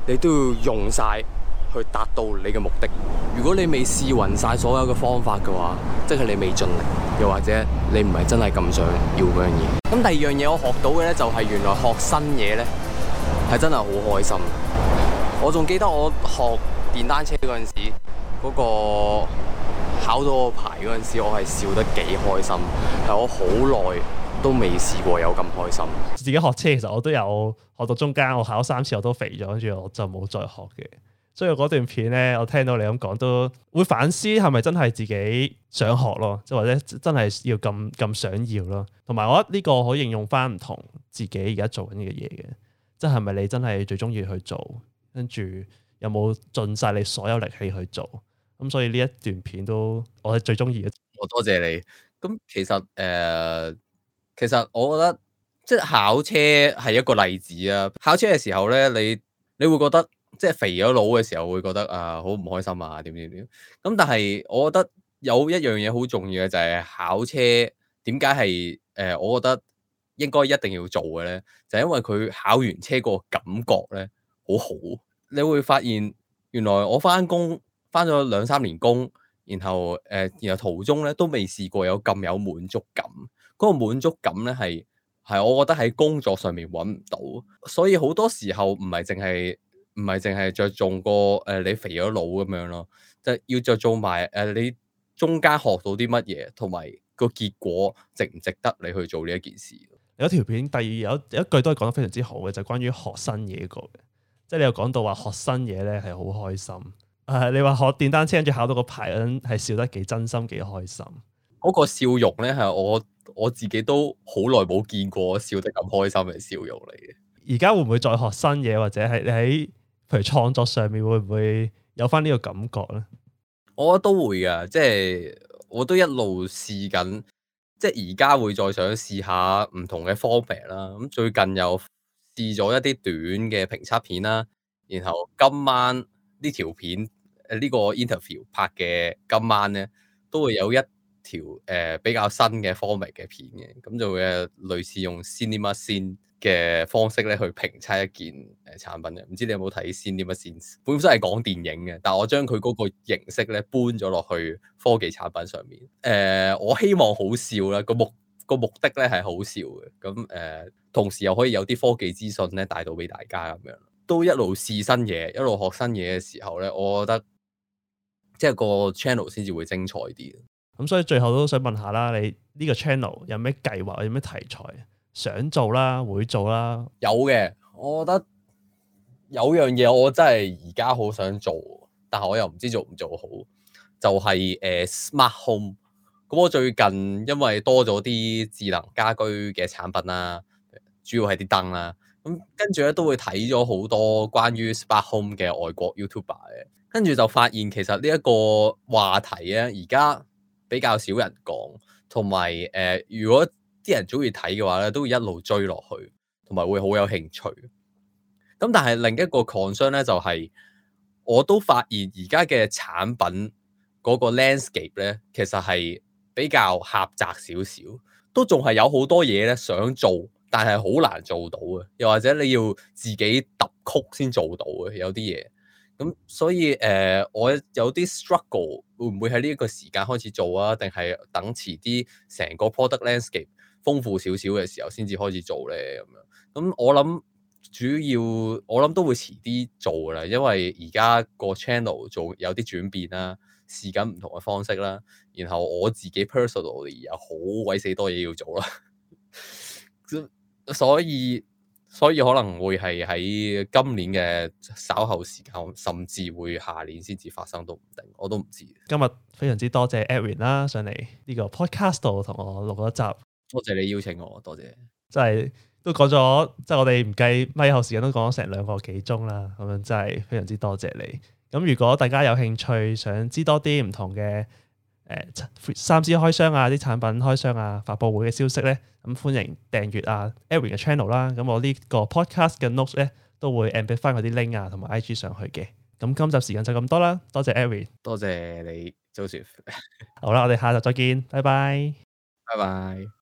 你都要用晒去達到你嘅目的。如果你未試匀晒所有嘅方法嘅話，即係你未盡力，又或者你唔係真係咁想要嗰樣嘢。咁第二樣嘢我學到嘅咧，就係、是、原來學新嘢咧係真係好開心。我仲記得我學電單車嗰陣時，嗰、那個考到個牌嗰陣時，我係笑得幾開心，係我好耐都未試過有咁開心。自己學車其實我都有學到中間，我考三次我都肥咗，跟住我就冇再學嘅。所以嗰段片咧，我聽到你咁講，都會反思係咪真係自己想學咯，即或者真係要咁咁想要咯。同埋我覺得呢個可以應用翻唔同自己而家做緊嘅嘢嘅，即係咪你真係最中意去做，跟住有冇盡晒你所有力氣去做？咁所以呢一段片都我係最中意嘅。我多謝你。咁其實誒。呃其實我覺得即係考車係一個例子啊，考車嘅時候咧，你你會覺得即係肥咗佬嘅時候會覺得啊好唔開心啊點點點。咁但係我覺得有一樣嘢好重要嘅就係考車點解係誒，我覺得應該一定要做嘅咧，就係因為佢考完車個感覺咧好好，你會發現原來我翻工，翻咗兩三年工，然後誒然後途中咧都未試過有咁有滿足感。嗰個滿足感咧係係，我覺得喺工作上面揾唔到，所以好多時候唔係淨係唔係淨係著重個誒、呃、你肥咗腦咁樣咯，即係要着重埋誒、呃、你中間學到啲乜嘢，同埋個結果值唔值得你去做呢一件事。有條片第二有有一句都係講得非常之好嘅，就係關於學新嘢個，即、就、係、是、你又講到話學新嘢咧係好開心，啊你話學電單車跟住考到個牌，係笑得幾真心幾開心。嗰個笑容咧，係我我自己都好耐冇見過笑得咁開心嘅笑容嚟嘅。而家會唔會再學新嘢，或者係你喺譬如創作上面會唔會有翻呢個感覺咧？我都會嘅，即係我都一路試緊，即係而家會再想試下唔同嘅 format 啦。咁最近又試咗一啲短嘅評測片啦，然後今晚呢條片誒呢個 interview 拍嘅今晚咧，都會有一條誒、呃、比較新嘅科微嘅片嘅，咁就會類似用《Cinema 線》嘅方式咧去評測一件誒產品嘅。唔知你有冇睇《Cinema 線》？本身係講電影嘅，但係我將佢嗰個形式咧搬咗落去科技產品上面。誒、呃，我希望好笑啦，個目個目的咧係好笑嘅。咁、嗯、誒、呃，同時又可以有啲科技資訊咧帶到俾大家咁樣，都一路試新嘢，一路學新嘢嘅時候咧，我覺得即係、就是、個 channel 先至會精彩啲。咁所以最後都想問下啦，你呢個 channel 有咩計劃，有咩題材想做啦，會做啦？有嘅，我覺得有樣嘢我真係而家好想做，但係我又唔知做唔做好，就係、是、誒、呃、smart home。咁我最近因為多咗啲智能家居嘅產品啦，主要係啲燈啦，咁跟住咧都會睇咗好多關於 smart home 嘅外國 YouTuber 嘅，跟住就發現其實呢一個話題咧而家比較少人講，同埋誒，如果啲人中意睇嘅話咧，都會一路追落去，同埋會好有興趣。咁但係另一個 concern 咧，就係、是、我都發現而家嘅產品嗰個 landscape 咧，其實係比較狹窄少少，都仲係有好多嘢咧想做，但係好難做到嘅。又或者你要自己揼曲先做到嘅，有啲嘢。咁所以誒、呃，我有啲 struggle。會唔會喺呢一個時間開始做啊？定係等遲啲成個 product landscape 豐富少少嘅時候先至開始做咧咁樣？咁我諗主要我諗都會遲啲做啦，因為而家個 channel 做有啲轉變啦、啊，試緊唔同嘅方式啦、啊，然後我自己 personally 有好鬼死多嘢要做啦， 所以。所以可能會係喺今年嘅稍後時間，甚至會下年先至發生都唔定，我都唔知。今日非常之多謝 Edwin 啦，上嚟呢個 podcast 度同我錄咗一集，多謝你邀請我，多謝。即係都講咗，即係我哋唔計咪後時間都講咗成兩個幾鐘啦，咁樣真係非常之多謝你。咁如果大家有興趣想知多啲唔同嘅，誒三 C 開箱啊，啲產品開箱啊，發布會嘅消息咧，咁歡迎訂閱啊，Edwin 嘅 channel 啦，咁我個呢個 podcast 嘅 notes 咧都會 embed 翻嗰啲 link 啊同埋 IG 上去嘅。咁今集時間就咁多啦，多謝 Edwin，多謝你 Joseph。 好啦，我哋下集再見，拜拜，拜拜。